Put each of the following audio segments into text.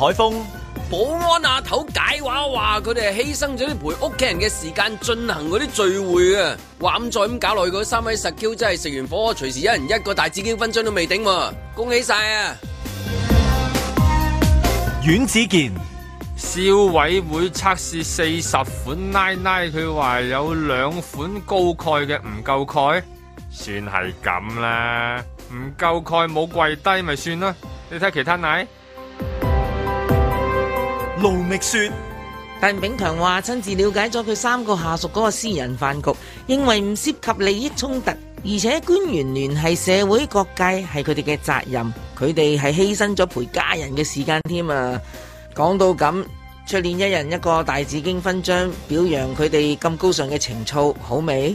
海風保安阿頭解話：話佢哋係犧牲咗啲陪屋企人嘅時間進行嗰啲聚會啊。話唔再咁搞落去。嗰三位實 Q 真係食完火鍋，隨時一人一個大紙巾，分樽都未頂。恭喜晒啊！阮子健，消委會測試四十款奶奶，佢話有兩款高鈣嘅唔夠鈣，算係咁啦。唔夠鈣冇跪低咪算啦，你睇其他奶。盧覓雪，鄧炳強話親自了解咗佢三個下屬嗰個私人飯局，認為唔涉及利益衝突，而且官員聯繫社會各界係佢哋嘅責任，佢哋係犧牲咗陪家人嘅時間添啊！講到咁，出年一人一個大紫荊勳章表揚佢哋咁高尚嘅情操，好未？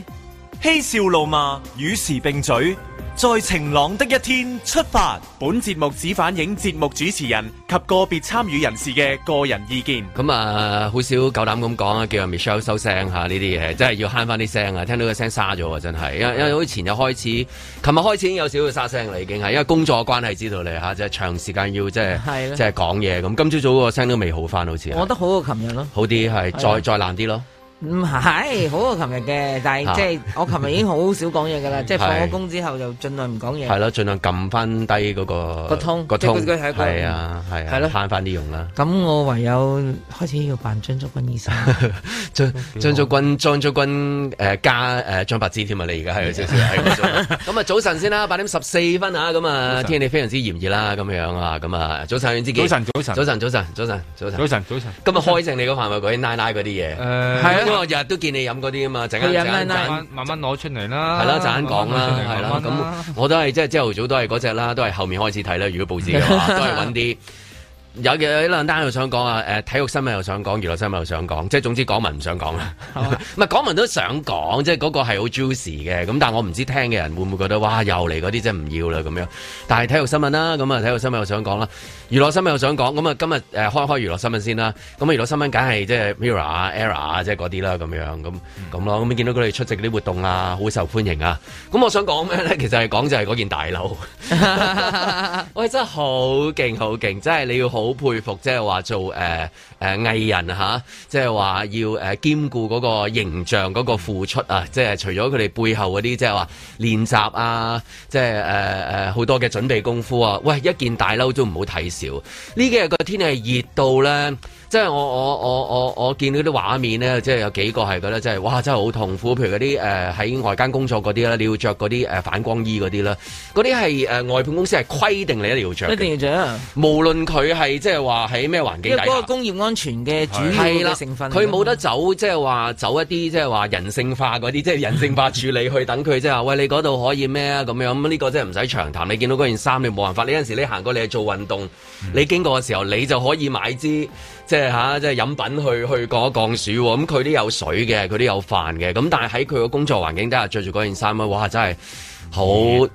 嬉笑怒罵，與時並舉。在晴朗的一天出發。本節目只反映節目主持人及個別參與人士嘅個人意見。咁啊，好、呃、少狗膽咁講啊，叫 Michelle 收聲吓呢啲嘢，真係要慳翻啲聲啊！聽到個聲沙咗，真係，因為因為好似前日開始，琴日開始已經有少少沙聲啦，已經係，因為工作關係知道嚟吓，即係長時間要即係即係講嘢咁。今朝早個聲都未好翻，好似。我覺得好過琴日咯。好啲係，再再爛啲咯。唔係，好過琴日嘅，但係 即係我琴日已經好少講嘢噶啦， 即係放咗工之後就盡量唔講嘢。係 咯，盡量撳翻低嗰個個通個通。係啊，係啊、那個，係咯，慳翻啲用啦。咁我唯有開始要扮張竹君醫生， 張張竹君張竹君誒、呃、加誒張柏芝添啊！你而家係少少。咁 啊是的， 早晨先啦，八點十四分啊，咁啊，天氣非常之炎熱啦，咁樣啊，咁啊，早晨，早晨，早晨，早晨，早晨，早晨，早晨，早晨，早晨，今日開正你嗰範圍奶奶嗰啲嘢。誒，係、呃、啊。我日都見你飲嗰啲啊嘛，陣間慢慢攞出嚟啦，係啦，陣間講啦，係啦，咁我、嗯、都係即係朝頭早都係嗰隻啦，都係後面開始睇啦，如果報紙嘅話，都係搵啲。 有嘢，有一兩單又想講啊！誒、呃，體育新聞又想講，娛樂新聞又想講，即係總之港聞唔想講啦，唔係、啊、 港聞都想講，即係嗰個係好 juicy 嘅。咁但係我唔知聽嘅人會唔會覺得哇，又嚟嗰啲即係唔要啦咁樣。但係體育新聞啦、啊，咁、嗯、啊體育新聞又想講啦，娛樂新聞又想講。咁、嗯、啊今日誒、呃、開開娛樂新聞先啦。咁啊娛樂新聞梗係即係 Mirror、Era 即係嗰啲啦咁樣咁咁咯。咁見到佢哋出席啲活動啊，好受歡迎啊。咁我想講咩咧？其實係講就係嗰件大樓。 喂，真係好勁，好勁！真係你要好。好佩服，即係話做誒誒、呃呃、藝人吓、啊，即係話要誒、呃、兼顧嗰個形象，嗰個付出啊！即係除咗佢哋背後嗰啲，即係話練習啊，即係誒誒好多嘅準備功夫啊！喂，一件大褸都唔好睇少。呢幾日個天氣熱到咧。即係我我我我我見到啲畫面咧，即係有幾個係覺得即係哇，真係好痛苦。譬如嗰啲誒喺外間工作嗰啲咧，你要着嗰啲誒反光衣嗰啲啦。嗰啲係誒外判公司係規定你一定要着。一定要着，無論佢係即係話喺咩環境底下，因為嗰個工業安全嘅主要嘅成分，佢冇得走，即係話走一啲即係話人性化嗰啲，即 係人性化處理去等佢即係話，喂，你嗰度可以咩啊咁樣？呢個即係唔使長談。你見到嗰件衫你冇辦法，你陣時你行過你係做運動，嗯、你經過嘅時候你就可以買支，即係嚇，即、就、係、是、飲品去去降一降暑喎。咁佢啲有水嘅，佢啲有飯嘅。咁、嗯、但係喺佢個工作環境底下着住嗰件衫咧，哇！真係好，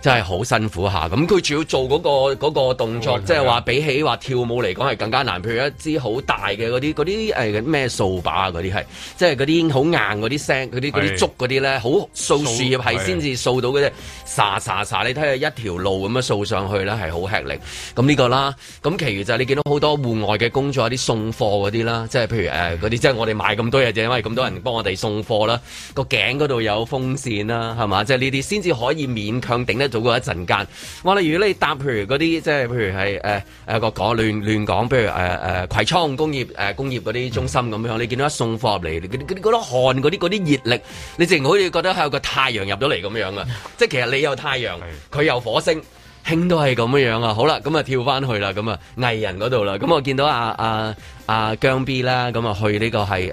真係好辛苦一下。咁佢仲要做嗰、那個嗰、那個、動作，即係話比起話跳舞嚟講係更加難。譬如一支好大嘅嗰啲嗰啲咩掃把啊嗰啲係，即係嗰啲好硬嗰啲聲，嗰啲啲竹嗰啲咧，好掃樹葉係先至掃到嘅啫。沙沙沙，你睇下一條路咁樣掃上去咧，係好吃力。咁呢個啦，咁其餘就係你見到好多戶外嘅工作，有啲送貨嗰啲啦，即係譬如誒嗰啲，即係我哋買咁多嘢，正因為咁多人幫我哋送貨啦。個頸嗰度有風扇啦，係嘛？即係呢啲先至可以勉強頂得到嗰一陣間。哇！例如你搭譬如嗰啲，即係譬如係誒誒個講亂亂講，譬如誒誒葵創工業誒工業嗰啲中心咁樣，你見到一送貨嚟，嗰啲嗰啲嗰啲汗，嗰啲嗰啲熱力，你淨好似覺得係個太陽入到嚟咁樣啊！即係其實你。你有太陽，佢有火星，興都係咁嘅樣啊！好啦，咁啊跳翻去啦，咁啊藝人嗰度啦，咁我見到阿阿阿姜 B 啦，咁啊去呢個係誒，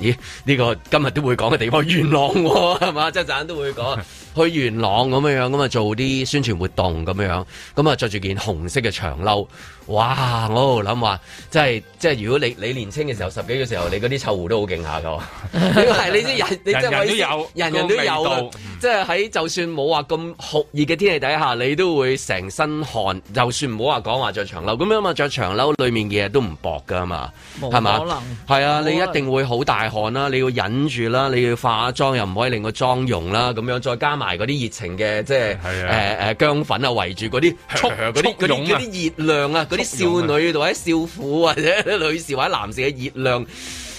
咦呢、呢個今日都會講嘅地方 元朗喎、喔，係嘛，即係陣都會講。 去元朗咁樣樣，咁啊做啲宣傳活動咁樣，咁啊着住件紅色嘅長褸，哇！我度諗話，即係即係如果你你年青嘅時候十幾嘅時候，你嗰啲臭狐都好勁下噶，係 你啲人你，人人都有，人人都有，即係喺就算冇話咁酷熱嘅天氣底下，你都會成身汗，就算唔好話講話着長褸，咁啊嘛著長褸，裡面嘅嘢都唔薄噶嘛，係嘛？冇可能，係啊，你一定會好大汗啦，你要忍住啦，你要化妝又唔可以令個妝容啦，咁樣再加埋。埋嗰啲熱情嘅，即係誒誒姜粉啊，呃、粉圍住嗰啲速、嗰啲嗰熱量啊，嗰啲、啊、少女或者少婦或者女士或者男士嘅熱量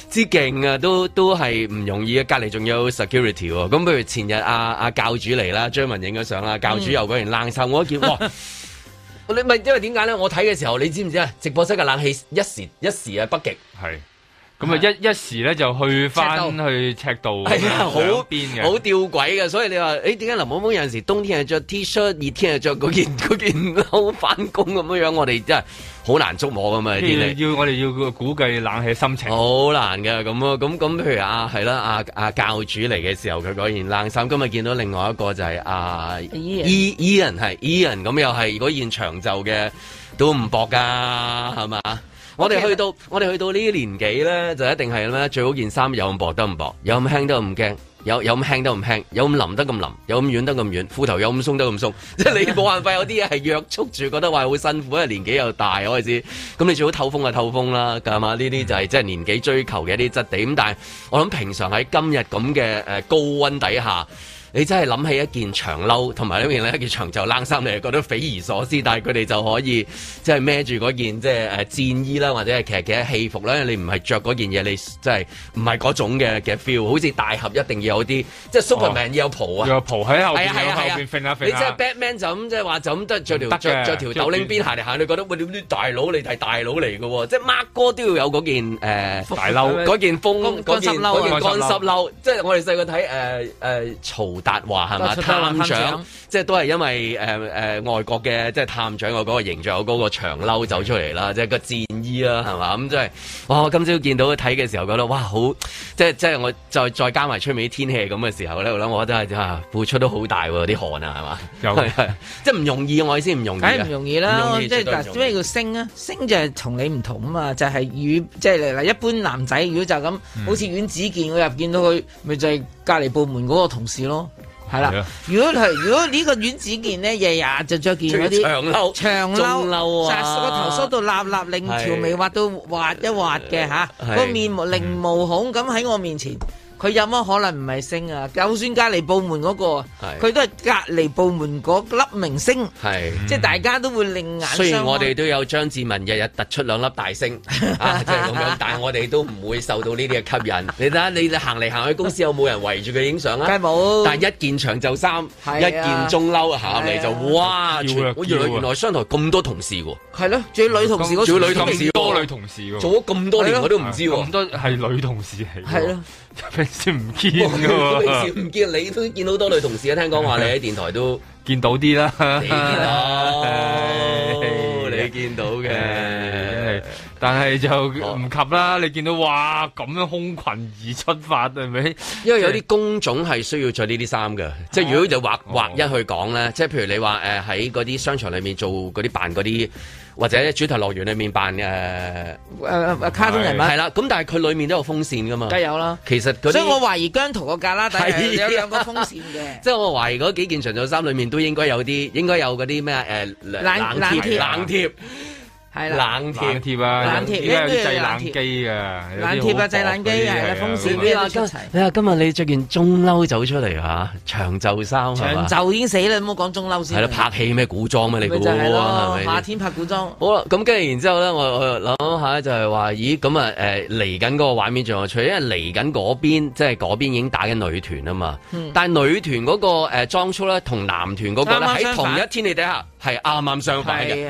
之勁啊，都都係唔容易啊！隔離仲有 security 喎、啊。咁譬如前日阿、啊、阿、啊、教主嚟啦，張文影咗相啦，教主又嗰件冷衫、嗯，我一見哇！ 你咪因為點解咧？我睇嘅時候，你知唔知啊？直播室嘅冷氣一時一時啊，北極係。咁、嗯、啊一一時咧就去翻去赤道好變嘅，好、啊、吊詭嘅，所以你話誒點解林某峰有陣時冬天係着 T 恤，熱天係着嗰件嗰件褸翻工咁樣樣，我哋真係好難捉摸咁啊！要我哋要估計冷氣心情，好難嘅咁咯，咁咁譬如啊，係啦，阿、啊啊、教主嚟嘅時候佢嗰件冷衫，今日見到另外一個就係、是、阿、啊、Ian、e, Ian 係 Ian 咁又係嗰件長袖嘅，都唔薄噶，係嘛？Okay. 我哋去到我哋去到呢啲年紀咧，就一定係咩？最好件衫有咁薄得咁薄，有咁輕得咁輕，輕，有有咁輕得咁輕，有咁淋得咁淋，有咁軟得咁軟，軟，軟，褲頭有咁鬆得咁鬆。即係 你冇辦法有啲嘢係約束住，覺得話好辛苦，因為年紀又大，我哋知。咁你最好透風就透風啦，係嘛？呢啲就係即係年紀追求嘅一啲質地。咁但係我諗平常喺今日咁嘅誒高溫底下。你真係諗起一件長褸，同埋呢件咧一件長袖冷衫，你係覺得匪夷所思。但係佢哋就可以即係孭住嗰件即係誒戰衣啦，或者係其實嘅戲服啦。你唔係着嗰件嘢，你即係唔係嗰種嘅嘅 feel。好似大俠一定要有啲即係 Superman，哦，要有袍啊，有袍喺後邊。你即係 Batman 就咁即係話就咁都著着著著條斗拎邊行嚟行，你行走來走來覺得大佬你係大佬嚟㗎喎？即係 Mark 哥都要有嗰件誒大褸，嗰件風嗰件乾濕褸。即係我哋細個睇誒誒答話係嘛？探長即係都係因為誒、呃呃、外國嘅即係探長我嗰個形象，嗰、嗰個長褸走出嚟啦，即係個戰衣啦，係嘛，咁即係哇！我今朝見到佢睇嘅時候，覺得哇好即係即我再再加埋出面啲天氣咁嘅時候咧，我覺得係、啊、付出都好大喎，啲汗啊係嘛？ 即係唔容易我先唔容易，梗係唔容易啦。即係但係咩叫星啊？星就係同你唔同啊嘛，就係即係嗱一般男仔如果就咁、嗯、好似阮子健我入見到佢，咪就係、是、隔離部門嗰個同事咯。係啦，如果係如果呢個軟紙件咧，日日就着件嗰啲長長中褸啊，個頭梳到立立令，條眉畫到畫一畫嘅吓，個面目零毛孔咁喺我面前。佢有乜可能唔係星啊？就算隔籬部門嗰、嗰個，佢都係隔籬部門嗰粒明星，即係大家都會另眼。雖然我哋都有張志文日日突出兩粒大星，即係咁樣。但係 我哋都唔會受到呢啲嘅吸引。 你睇下，你行嚟行去公司有冇人圍住佢影相啊？梗係冇。但係一件長袖衫、啊，一件中褸行入嚟就哇，原來原來商台咁多同事喎、啊。係 咯，仲有女同事嗰女同事、啊、多女同事、啊，做咗咁多年我 都唔知、啊。咁多係女同事嚟。係咯、啊。 唔見噶喎，唔見你都見到好多女同事啊！聽講話你喺電台都見到啲啦，你見到，你見到嘅。 但係就唔及啦，你見到哇咁樣空群而出發係咪？因為有啲工種係需要着呢啲衫嘅， 即係如果就畫畫 一去講咧，即係譬如你話誒喺嗰啲商場裏面做嗰啲扮嗰啲，或者喺主題樂園裏面扮誒、啊啊、卡通人物，係啦。咁但係佢裏面都有風扇噶嘛？梗有啦，其實嗰所以我懷疑姜濤個格拉底係有兩個風扇嘅。 即係我懷疑嗰幾件長袖衫裏面都應該有啲，應該有嗰啲咩誒，冷貼，冷貼。冷冷貼，冷貼啊！冷貼，因製冷機啊，冷貼啊，製冷機啊，風扇俾我。你今日你着件中褸走出嚟嚇、啊，長袖衫。長袖已經死啦，唔好講中褸先。係啦，拍戲咩古裝咩啊？你估、就是？夏天拍古裝。好啦，咁跟住然之後咧，我我諗下就係、是、話，咦咁啊誒嚟緊嗰個畫面仲有除因為嚟緊嗰邊即係嗰邊已經打緊女團啊嘛。嗯、但女團嗰、那個裝、呃、裝束咧，同男團嗰個咧喺同一天氣底下係啱啱相反嘅。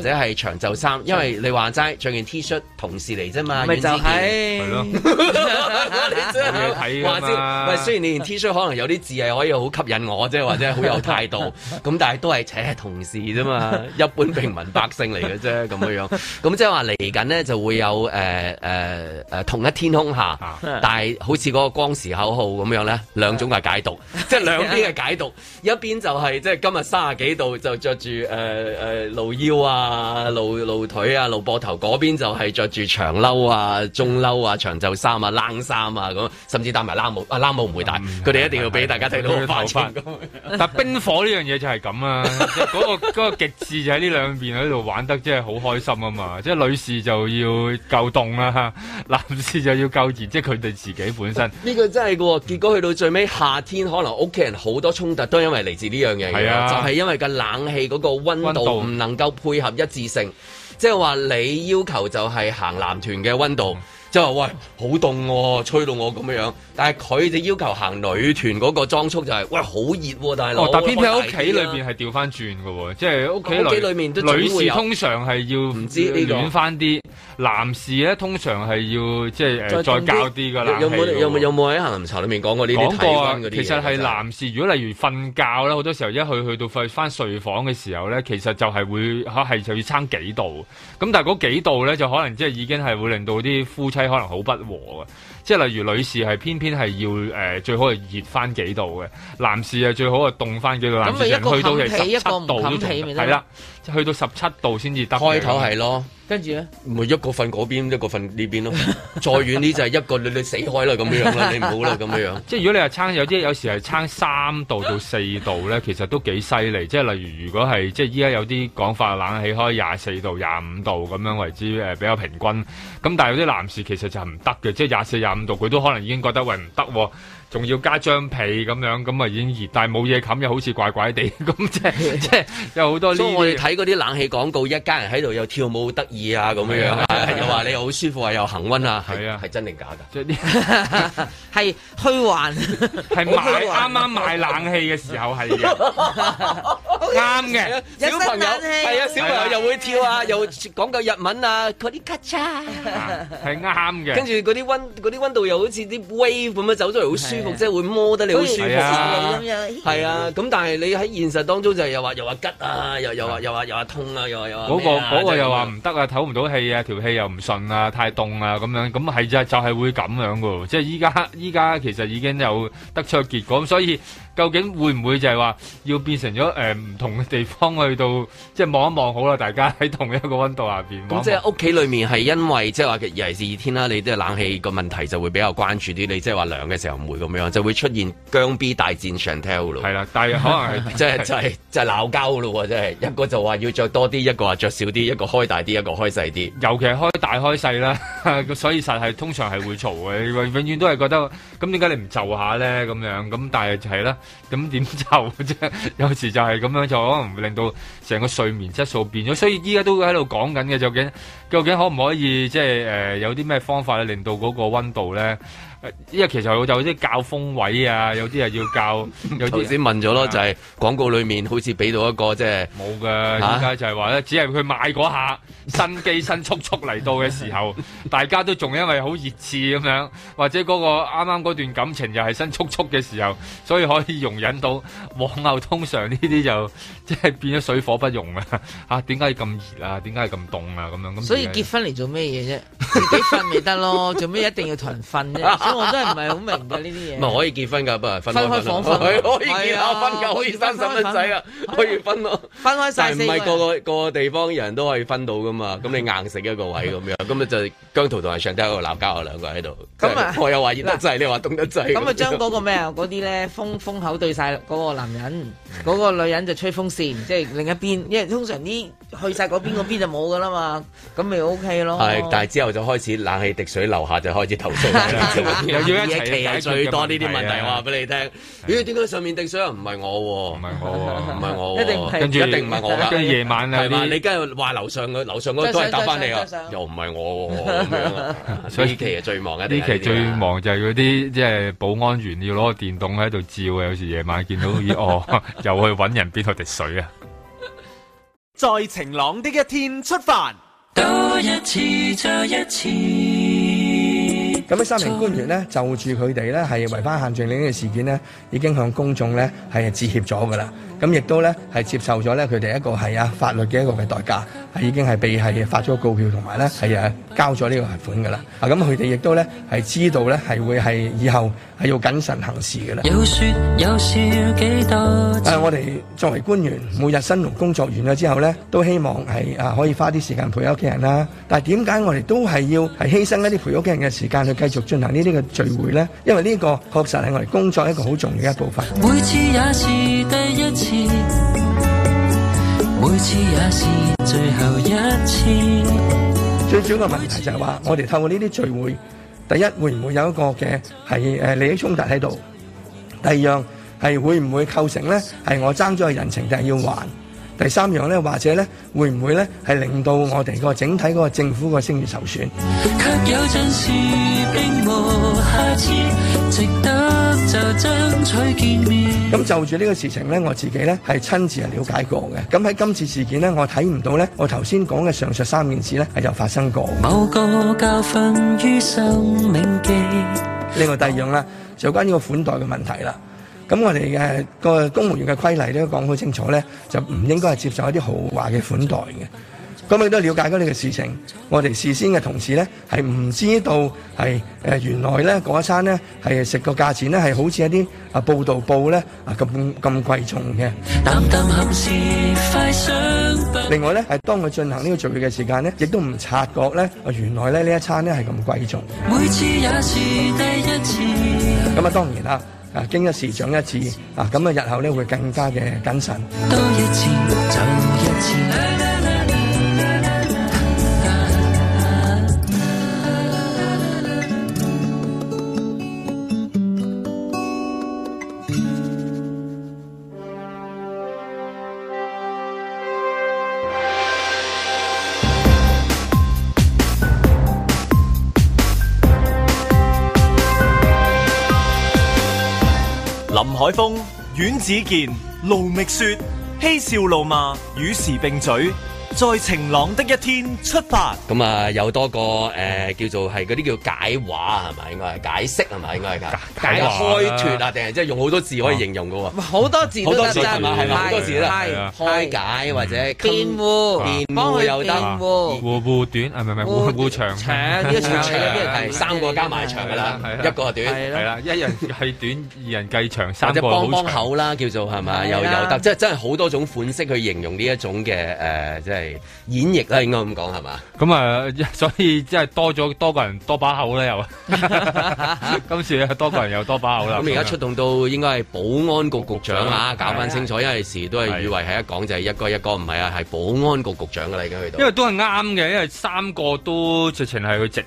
或者係長袖衫，因為你話齋着件 T 恤，同事嚟啫、就是、 嘛，咪就係係咯，你要睇噶嘛。喂，雖然你件 T 恤可能有啲字係可以好吸引我啫，或者好有態度，咁 但係都係請同事啫嘛， 一般平民百姓嚟嘅啫咁樣樣。咁即係話嚟緊呢就會有誒誒誒同一天空下， 但係好似嗰個光時口號咁樣咧，兩種嘅解讀， 即係兩邊嘅解讀， 一邊就係、是、即係今日三十幾度就着住誒誒露腰啊！啊露露腿啊，露膊頭嗰邊就係着住長褸啊、中褸啊、長袖衫啊、冷衫啊咁，甚至戴埋冷帽啊，冷帽唔會戴，佢哋一定要俾大家睇到但冰火呢樣嘢就係咁啊，嗰、 嗰個嗰、嗰個極緻就喺呢兩邊喺度玩得真係好開心啊嘛！即 係女士就要夠凍啦，男士就要夠熱，即係佢哋自己本身呢、呢個真係噶、啊，結果去到最尾夏天，可能屋企人好多衝突都是因為嚟自呢樣嘢，就係、是、因為冷氣個冷氣嗰個溫度唔能夠配合。一致性，即係話你要求就係行男團嘅溫度。即係話喂，好凍喎，吹到我咁樣樣。但係佢哋要求行女團嗰個裝束就係、是，喂，好熱喎。但係哦，但偏偏喺屋企裏邊係調翻轉噶喎，即係屋企裏邊，女士通常係要唔知暖翻啲，男士咧通常係要即係誒、呃、再較啲噶啦。有冇有冇有冇喺《杏林茶》裏面講過呢啲？講過其實係男士如果例如瞓覺咧，好多時候一去去到瞓翻睡房嘅時候咧，其實就係會吓係就要差幾度。咁但係嗰幾度咧，就可能即係已經係會令到啲夫妻。可能好不和啊！即係例如女士係偏偏係要、呃、最好係熱翻幾度嘅，男士啊最好啊凍翻幾度，男士去到其實十七度都得，係啦，去到十七度先至得。開頭係咯，跟住咧，唔會一個瞓嗰邊，一個瞓呢邊咯。再遠啲就係一個你 你死開啦咁樣啦，你唔好啦咁樣。 即係如果你話撐有啲有時係撐三度到四度咧， 其實都幾犀利。即係例如如果係即係依家有啲講法，冷氣開廿四度、廿五度咁樣為之、呃、比較平均。咁但係有啲男士其實就唔得嘅，即係廿四、廿五。佢都可能已經覺得，喂，唔得喎。仲要加張被咁樣，咁啊已經熱，但係冇嘢冚又好似怪怪地，咁即係即係有好多呢啲。所以我哋睇嗰啲冷氣廣告，一家人喺度又跳舞得意啊，咁 樣啊，又話你好舒服啊，又恆溫啊，係啊，係真定假㗎？即係啲係虛幻，係賣啱啱賣冷氣嘅時候係嘅，啱 嘅、嗯 okay, 嗯嗯嗯嗯。小朋友氣。係啊、嗯，小朋友又會跳啊， 又講夠日文啊嗰啲咔嚓係啱嘅。跟住嗰啲溫啲溫度又好似啲 wave 咁樣走咗嚟，好舒。 即係會摸得你好舒服，啊，咁啊，係啊，咁、啊、但係你喺現實當中就係又話又話吉啊，又又話又話又話痛啊，又話、嗰個、又話、啊，嗰、嗰個個又話唔得啊，唞唔到氣啊，條氣又唔順啊，太凍啊，咁樣，咁係、啊、就就係、係會咁樣噶、啊，即係依家依家其實已經有得出結果，所以。究竟會唔會就係話要變成咗誒唔同嘅地方去到即係望一望好啦？大家喺同一個溫度下面。咁即係屋企裡面係因為即係話尤其是熱天啦，你啲冷氣個問題就會比較關注啲。你即係話涼嘅時候唔會咁樣，就會出現僵逼大戰上台咯。係啦、啊，但係可能即係 就係、是、就鬧交咯喎！即、就、係、是就是、一個就話要著多啲，一個話著少啲，一個開大啲，一個開細啲。尤其係開大開細啦，所以實係通常係會嘈嘅。 永遠都係覺得咁點解你唔就下咧？咁樣咁，但係係啦。咁點就啫？ 有時就係咁樣，就可能會令到成個睡眠質素變咗。所以依家都喺度講緊嘅，究竟究竟可唔可以即係誒，有啲咩方法咧，令到嗰個溫度咧？因為其實有啲教風位啊，有啲係要教。頭先 問咗咯，就係、是、廣告裏面好似俾到一個即係冇㗎。點解就係話咧？只係佢買嗰下新機新速速嚟到嘅時候， 大家都仲因為好熱刺咁樣，或者嗰、那個啱啱嗰段感情又係新速速嘅時候，所以可以容忍到往後，通常呢啲就即係、就是、變咗水火不容啦。吓，點解要咁熱啊？點解要咁凍啊？咁、啊、樣咁，所以結婚嚟做咩嘢啫？ 自己瞓咪得咯，做咩一定要同人瞓啫？ 我真係唔係好明白呢啲嘢。咪可以結婚㗎，不過分，分，分，分開房可以結啊，分可、啊、可以生細蚊仔啊，可以分咯。分開曬 四個。唔係個個地方人都可以分到㗎嘛？咁 你硬食一個位咁樣，咁 咪就姜濤同阿尚德喺度鬧交啊，兩個喺度。咁啊，我又話熱得滯， 你話凍得滯。 咁啊，將嗰個咩啊，嗰啲咧風風口對晒嗰個男人，嗰 個女人就吹風扇，即係另一邊，因為通常啲去晒嗰邊，嗰邊就冇㗎啦嘛，咁咪 OK 咯。係， 但係之後就開始冷氣滴水樓下，就開始投訴 又要一齊解決最多呢啲問題,、啊問題我，話俾你聽。咦？點解上面滴水又唔係我啊啊、哎？唔係我喎，唔係我喎、啊啊。一定係，一定唔係我。跟住夜晚啊，你跟住話樓上個樓上嗰個都係揼翻你啊！又唔係我喎咁樣。所以呢期最忙呢、啊、期最忙就係嗰啲即係保安員要攞個電筒喺度照啊。有時夜晚見到咦 哦，又去揾人邊度滴水啊！ 再晴朗啲嘅天出發多，多一次，再一次。咁呢三名官員咧，就住佢哋咧係違反限聚令嘅事件咧，已經向公眾咧係致歉咗噶啦。咁亦都咧係接受咗咧佢哋一個係啊法律嘅一個嘅代價，係已經係被係發咗告票，同埋咧係啊交咗呢個罰款噶啦。啊咁佢哋亦都咧係知道咧係會係以後係要謹慎行事噶啦。誒、啊，我哋作為官員，每日辛勞工作完咗之後咧，都希望係啊可以花啲時間陪屋企人啦。但係點解我哋都係要係犧牲一啲陪屋企人嘅時間去繼續進行呢啲嘅聚會咧，因為呢個確實係我哋工作一個好重要嘅一部分。每次也是第一次，每次也是最後一次。最主要嘅問題就係話，我哋透過呢啲聚會，第一會唔會有一個嘅係誒利益衝突喺度？第二樣係會唔會構成咧係我爭咗嘅人情定係要還？第三樣咧，或者咧，會唔會咧，係令到我哋個整體嗰個政府個聲譽受損？卻有陣時並無下次值得就爭取見面。咁就住呢個事情咧，我自己咧係親自係了解過嘅。咁喺今次事件咧，我睇唔到咧，我頭先講嘅上述三件事咧係有發生過。某個教訓於生命記。另外第二樣啦，就關於個款待嘅問題啦。咁我哋嘅個公務員嘅規例都講好清楚咧，就唔應該係接受一啲豪華嘅款待嘅。咁你都瞭解咗呢個事情，我哋事先嘅同事咧係唔知道係誒原來咧嗰一餐咧係食個價錢咧係好似一啲啊報道報咧啊咁咁貴重嘅。另外咧係當佢進行呢個聚會嘅時間咧，亦都唔察覺咧啊原來咧呢一餐咧係咁貴重。每次也是第一次。咁啊當然啦。啊，經一事長一，、啊、一智，啊，咁啊，日後咧會更加嘅謹慎。風阮子健盧覓雪，嬉笑怒罵，與時並嘴。在晴朗的一天出發、嗯。咁啊，有多個誒、呃，叫做係嗰啲叫解畫係咪？應該係解釋係咪？應該係解，解，解，解話解解開脫啊，定係即係用好多字可以形容㗎喎。好、啊、多字都得啦，係多字啦，開，開解或者辯護，辯護有得護護短，係唔係護護長，請一長係三個加埋長㗎啦，一個短係啦，一人係短，二人計長，三個好長。幫幫口啦，叫做係咪？又有得，即係真係好多種款式去形容呢一種嘅誒，即係。演繹啦，應該咁講係嘛？咁啊，所以即係多咗多個人多把口咧，又， 今次多個人又多把口啦。咁而家出動到應該係保安局局長、局長啊，搞翻清楚，因為時都係以為係一講就係、是、一哥一哥，唔係啊，係保安局局長嚟嘅，已經去到。因為都係啱嘅，因為三個都直情係佢直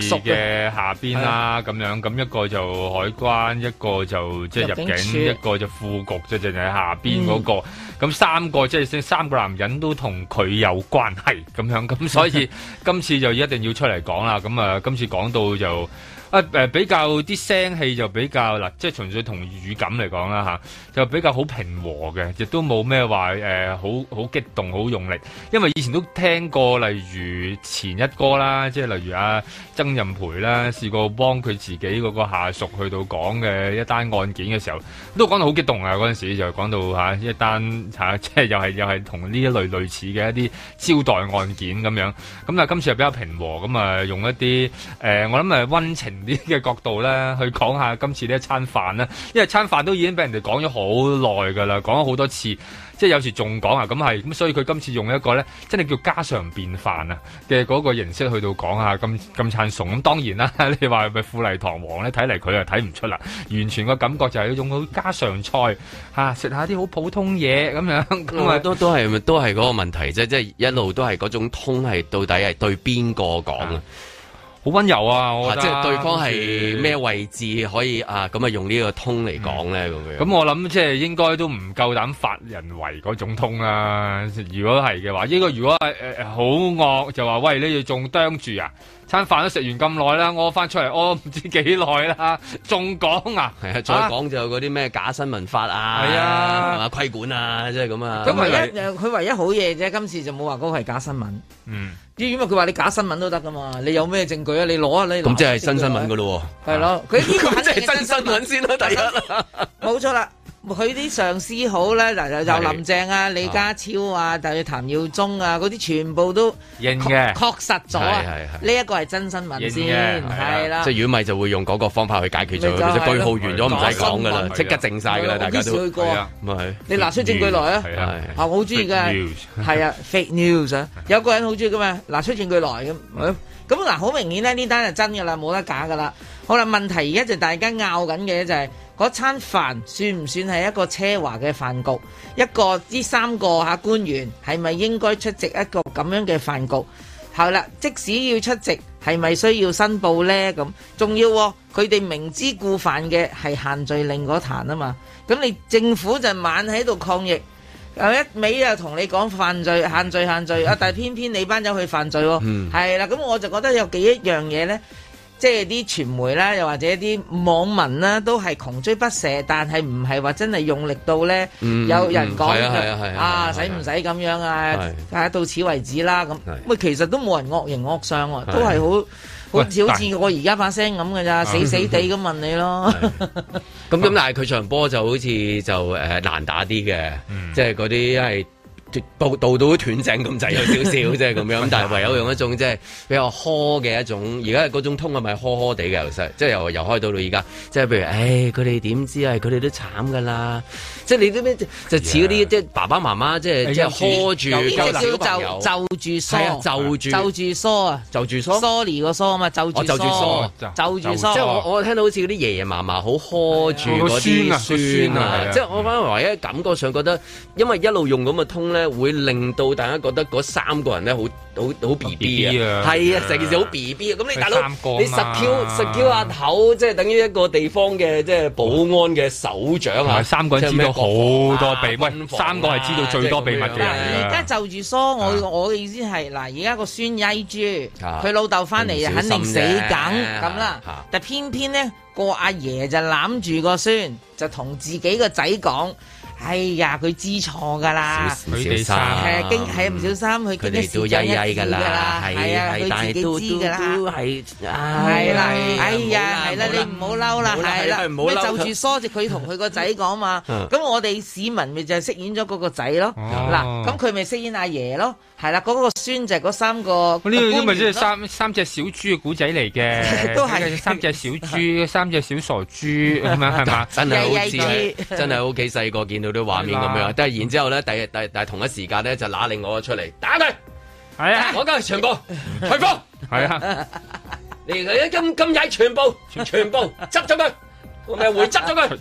屬嘅下邊啦，咁、啊、樣咁一個就海關，一個就即係入境、入境，一個就副局即淨係下邊嗰、那個。咁、嗯、三個即係、就是、三個男人都同佢有關係咁樣，咁所以 今次就一定要出嚟講啦。咁啊，今次講到就。啊、呃，比較啲聲氣就比較嗱，即係純粹同語感嚟講啦、啊、就比較好平和嘅，亦都冇咩話誒，好好激動好用力。因為以前都聽過，例如前一哥啦，即係例如啊曾蔭培啦，試過幫佢自己嗰個下屬去到講嘅一單案件嘅時候，都講到好激動啊！嗰陣時就講到一單、啊、即係又係又係同呢一類類似嘅一啲招待案件咁樣。咁、嗯、啊，今次又比較平和，咁、嗯、啊用一啲誒、呃，我諗誒溫情，嘅角度咧，去講下今次呢一餐飯啦，因為餐飯都已經俾人哋講咗好耐噶啦，講咗好多次，即係有時仲講啊，咁係咁，所以佢今次用一個咧，真係叫家常便飯啊嘅嗰個形式去到講下咁咁孱慫咁，當然啦，你話係咪富麗堂皇咧？睇嚟佢又睇唔出啦，完全個感覺就係一種家常菜吓，食下啲好普通嘢咁樣，咁啊都都係咪都係嗰個問題啫？即係一路都係嗰種通係到底係對邊個講啊？好溫柔啊！我覺得啊啊即係對方係咩位置可以啊？咁啊用個來呢個通嚟講咧咁樣。咁、嗯、我諗即係應該都唔夠膽發人為嗰種通啦、啊。如果係嘅話，應該如果係誒好惡就話喂，你要仲當住啊？餐飯都食完咁耐啦，我翻出嚟我唔知幾耐啦，仲講啊？係啊，再講就嗰啲咩假新聞法啊，係啊，規管啊，即係咁啊。咁佢唯,唯,唯一好嘢啫，今次就冇話嗰個係假新聞。嗯，因為佢話你假新聞都得噶嘛，你有咩證據啊？你攞啊你啊。咁即係新新聞噶咯？係咯、啊，佢呢個真係真新聞、啊啊、先啦、啊，第一冇錯啦。 佢啲上司好啦，嗱，就林鄭啊、李家超啊、甚至譚耀宗啊，嗰啲全部都認嘅，確實咗啊！呢一個係真新聞先，係啦。即如果咪就會用嗰個方法去解決咗，即、就是、句號完咗唔使講噶啦，即刻靜晒噶啦，大家都。咁啊，你拿出證據來啊！我好中意嘅，係 啊，fake news 啊，有個人好中意噶嘛，拿出證據來咁，咁 嗱，好明顯呢呢單係真噶啦，冇得假噶啦。好啦，問題而家就大家拗緊嘅就係、是。嗰餐飯算唔算係一個奢華嘅飯局？一個呢三個嚇、啊、官員係咪應該出席一個咁樣嘅飯局？係啦，即使要出席，係咪需要申報呢？咁重要、哦？佢哋明知故犯嘅係限聚令嗰壇啊嘛。咁你政府就晚喺度抗疫，又一味又同你講犯罪、限聚、限聚啊！但係偏偏你班友去犯罪喎、哦，係、嗯、啦。咁我就覺得有幾一樣嘢呢。即係啲傳媒啦，又或者啲網民啦，都係窮追不捨，但係唔係話真係用力到咧，有人講啊，使唔使咁樣啊？係啊，到此為止啦。咁咪其實都冇人惡形惡相喎，都係好好似好似我而家把聲咁嘅咋，死死地咁問你咯。咁咁，但係佢場波就好似就誒難打啲嘅，即係嗰啲一係。報道到都斷正咁滯，有少少即係咁樣，但係唯有用一種即係、就是、比較苛嘅一種，而家嗰種通係咪苛苛地嘅又實？即係、就是、由由開到到而家，即、就、係、是、譬如，唉、哎，佢哋點知啊？佢哋都慘噶啦。即係你啲咩就似嗰啲即係爸爸媽媽即係即係呵住，就就住梳，就住梳啊，就住梳，梳梳個梳啊嘛，就住梳，就住梳。即係我我聽到好似嗰啲爺爺嫲嫲好呵住嗰啲，酸啊！即係我反而唯一感覺上覺得，因為一路用咁嘅 tone 咧，會令到大家覺得嗰三個人咧好。好好 B B 啊，係啊，成件事好 B B 啊，咁你大佬，你十 Q、啊、十 Q 阿頭，即係等於一個地方嘅即係保安嘅首長啊，三個人知道好多秘，喂，啊、三個係知道最多秘密嘅而家就住、是、疏、啊，我我嘅意思係嗱，而家個孫曳住，佢、啊、老豆返嚟就肯定死緊咁啦，但偏偏呢個阿爺就攬住個孫，就同自己個仔講。哎呀，佢知錯噶啦，唔小，小，小，小心，係啊，經係唔小心，佢佢都有一次噶啦，係啊，佢自己知噶啦，係，係啦，哎呀，啦、哎哎，你唔好嬲啦，係，你就住梳住佢同佢個仔講嘛，咁 我哋市民咪就係飾演咗嗰個仔咯，嗱、 哦，咁佢咪飾演阿爺咯。係啦，嗰、嗰個孫仔嗰三個，呢呢咪即係三三隻小豬嘅古仔嚟嘅，都係三隻小豬，三隻小傻豬，咁嘛，係嘛，真係好似， 真係好幾，細個見到啲畫面咁樣。的但係然之後咧，第日第但係同一時間咧，就拿令我出嚟打佢，係 啊，我梗係長哥，台風，係啊，你你今今日全部全部執咗佢，咪回執咗佢，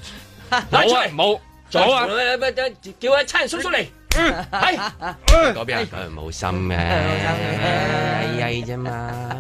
冇冇，好啊，叫阿差人叔叔嚟。係嗰邊啊，佢係冇心嘅，曳曳 啫嘛。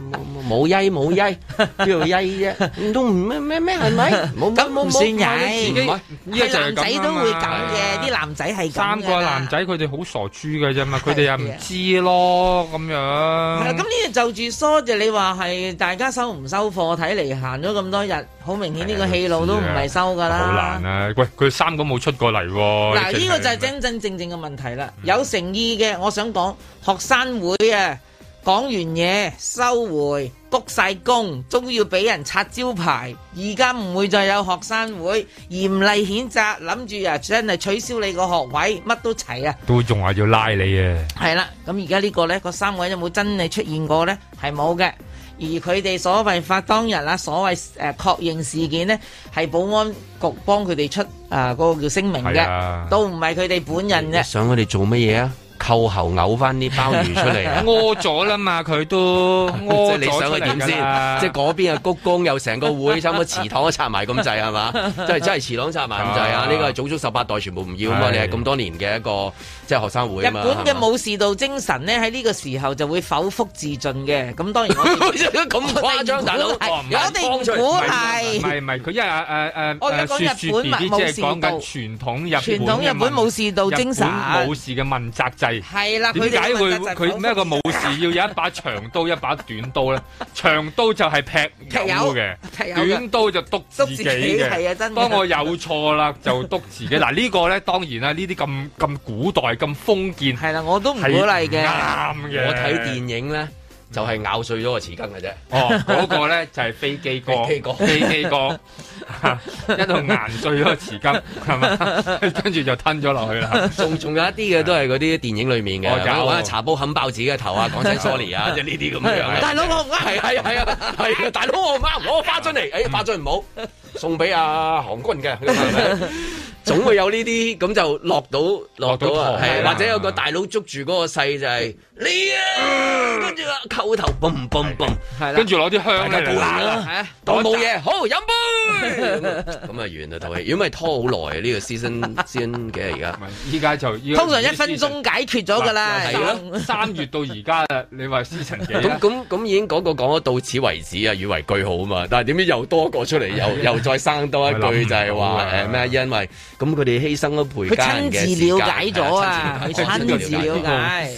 冇曳冇曳，叫做曳啫？唔通唔咩咩咩係咪？咁冇先曳。呢個 男仔都會咁嘅，啲、啊、男仔係三個男仔，佢哋好傻豬嘅啫嘛，佢哋又唔知咯咁樣。係啊，咁呢個就住梳，就你話係大家收唔收貨睇嚟行咗咁多日，好明顯呢個氣路都唔係收㗎啦。好、啊啊、難啊！喂，佢三個冇出過嚟喎。嗱、啊，呢、這個就係真真正正嘅問題啦。有誠意嘅，我想講學生會啊。講完嘢，收回，鞠晒躬終於要俾人拆招牌。而家唔會再有學生會，嚴厲譴責，諗住啊，真係取消你個學位，乜都齊，呃那個、啊。都仲話要拉你啊。係啦，咁而家呢個咧，嗰三位有冇真係出現過咧？係冇嘅。而佢哋所謂發當日啦，所謂誒確認事件咧，係保安局幫佢哋出啊嗰個叫聲明嘅，都唔係佢哋本人嘅。你想佢哋做乜嘢啊？嗯扣喉嘔翻啲鮑魚出嚟啊！屙咗啦嘛，佢都屙 你想佢點先？ 即係嗰邊嘅谷躬有成個會，差唔多祠堂都拆埋咁滯係嘛？即係真係祠堂拆埋咁滯啊！呢個係祖宗十八代全部唔要啊嘛！你係咁多年嘅一個即係學生會啊嘛！日本嘅武士道精神呢，喺呢個時候就會剖腹自盡嘅。咁當然咁誇張大佬，我哋估係唔係唔係佢因為誒誒，我哋講、uh, uh, 日本唔係即係講緊傳統日傳統日本武士道精神，武士嘅問責制。係啦，點解會佢咩個武士 要有一把長刀， 一把短刀咧？長刀就係劈人嘅，短刀就督自己嘅。己真當我有錯啦，就督自己。嗱， 這個，呢個咧當然啦，呢啲咁咁古代咁封建。係啦， 我都唔鼓勵嘅。啱嘅，我睇電影咧。就係、是、咬碎咗個匙羹嘅啫，哦，嗰、那個咧就係、是、飛機哥， 飛機哥格， 一路咬碎咗個匙羹，係咪？跟 住就吞咗落去啦。仲 仲有一啲嘅都係嗰啲電影裏面嘅，有茶煲冚爆自己嘅頭啊，講聲 sorry 啊，即係呢啲咁樣。大佬我媽係係係啊，係大佬我媽攞我花樽嚟，誒、哎、花樽唔好。嗯送俾阿韓軍嘅，係咪 總會有呢啲咁就落到落到，落到啊，啊，或者有個大佬捉住嗰個細就係、是啊、你啊，跟住啊，叩頭，嘣嘣嘣，係啦、啊啊，跟住攞啲香咧，大家保、啊啊、當冇嘢、啊、好飲杯。咁 啊，完啦，透氣，如果唔係拖好耐啊，呢個私生私生而家依家就通常一分鐘解決咗噶啦，三月到而家 啊，你話私情嘅咁咁咁已經個講咗到此為止啊，以為句號啊嘛，但係點知又多個出嚟， 又 又再生多一句就係話誒咩？因為咁佢哋犧牲咗陪家人嘅時間，佢親自了解咗啊！佢親自了解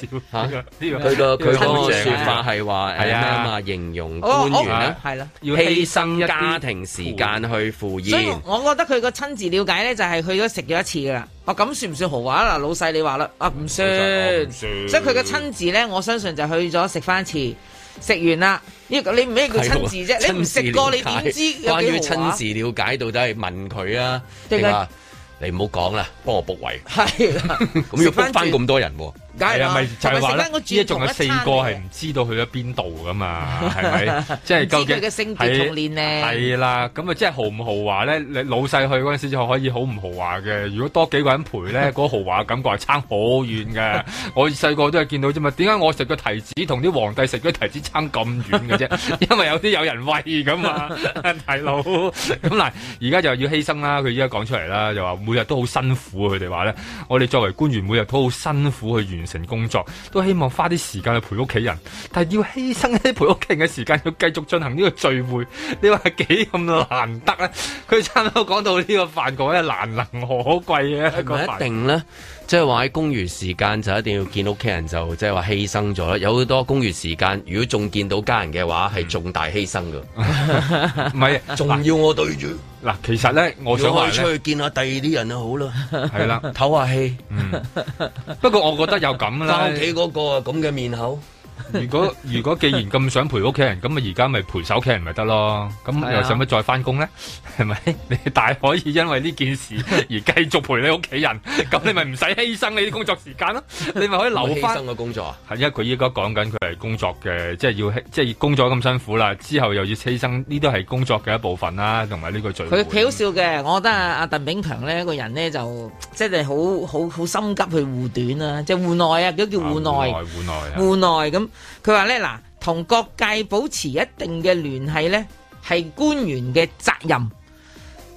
佢個佢說法係話誒咩啊？啊啊嗯、啊形容官員咧、哦、係、哦、啦，犧牲家庭時間去赴宴。我覺得佢個親自了解咧，就係去咗食咗一次噶啦。哦、啊，咁算唔算豪華啦，老細你話啦，啊唔算，算，所以佢嘅親自咧，我相信就去咗食翻一次，食完啦。你唔咩叫親自啫？你唔食過你點知有幾好話？關於親自了解到底係問佢啊，定係？你唔好講啦，幫我卜位。係啦，咁 要卜翻咁多人喎。係就係話咧，仲有四個係唔知道去咗邊度噶嘛，係 咪？即係究竟嘅係啦，咁啊，即係豪唔豪華咧？你老細去嗰陣時就可以好唔豪華嘅。如果多幾個人陪咧，嗰豪華感覺係差好遠嘅。 我細個都係見到啫嘛。點解我食個提子同啲皇帝食嘅提子差咁遠嘅啫？ 因為有啲有人餵噶嘛， 啊、大佬。咁嗱，而家就要犧牲啦。佢依家講出嚟啦，就話每日都好辛苦。佢哋話咧，我哋作為官員，每日都好辛苦去完完成工作都希望花啲時間去陪屋企人，但係要犧牲啲陪屋企人嘅時間，要繼續進行呢個聚會，你話係幾咁難得咧？佢 差唔多講到呢個飯局呢，難能可貴嘅，唔係一定咧，即係話喺公餘時間就一定要見到屋企人，就即係話犧牲咗。有好多公餘時間，如果仲見到家人嘅話，係重大犧牲噶，唔係仲要我對住。嗱，其實呢，我想去出去見下第二啲人就好啦，係 啦，唞下氣。嗯、 不過我覺得又咁啦，翻屋企嗰個咁嘅面口。 如果如果既然咁想陪屋企人，咁啊而家咪陪手企人咪得咯？咁又使乜再翻工咧？係咪你大可以因為呢件事而繼續陪你屋企人？咁 你咪唔使犧牲你啲工作時間咯？ 你咪可以留翻。犧牲個工作啊！係因為佢依家講緊佢係工作嘅，即、就、係、是、要即係、就是、工作咁辛苦啦，之後又要犧牲，呢啲係工作嘅一部分啦，同埋呢個聚會。佢佢好笑嘅，我覺得阿阿鄧炳強呢個人呢，就即係好好好心急去護短啦、啊，即係護內啊，如果叫護內，互內護內咁。佢話咧嗱，同各界保持一定嘅聯繫咧，係官員嘅責任。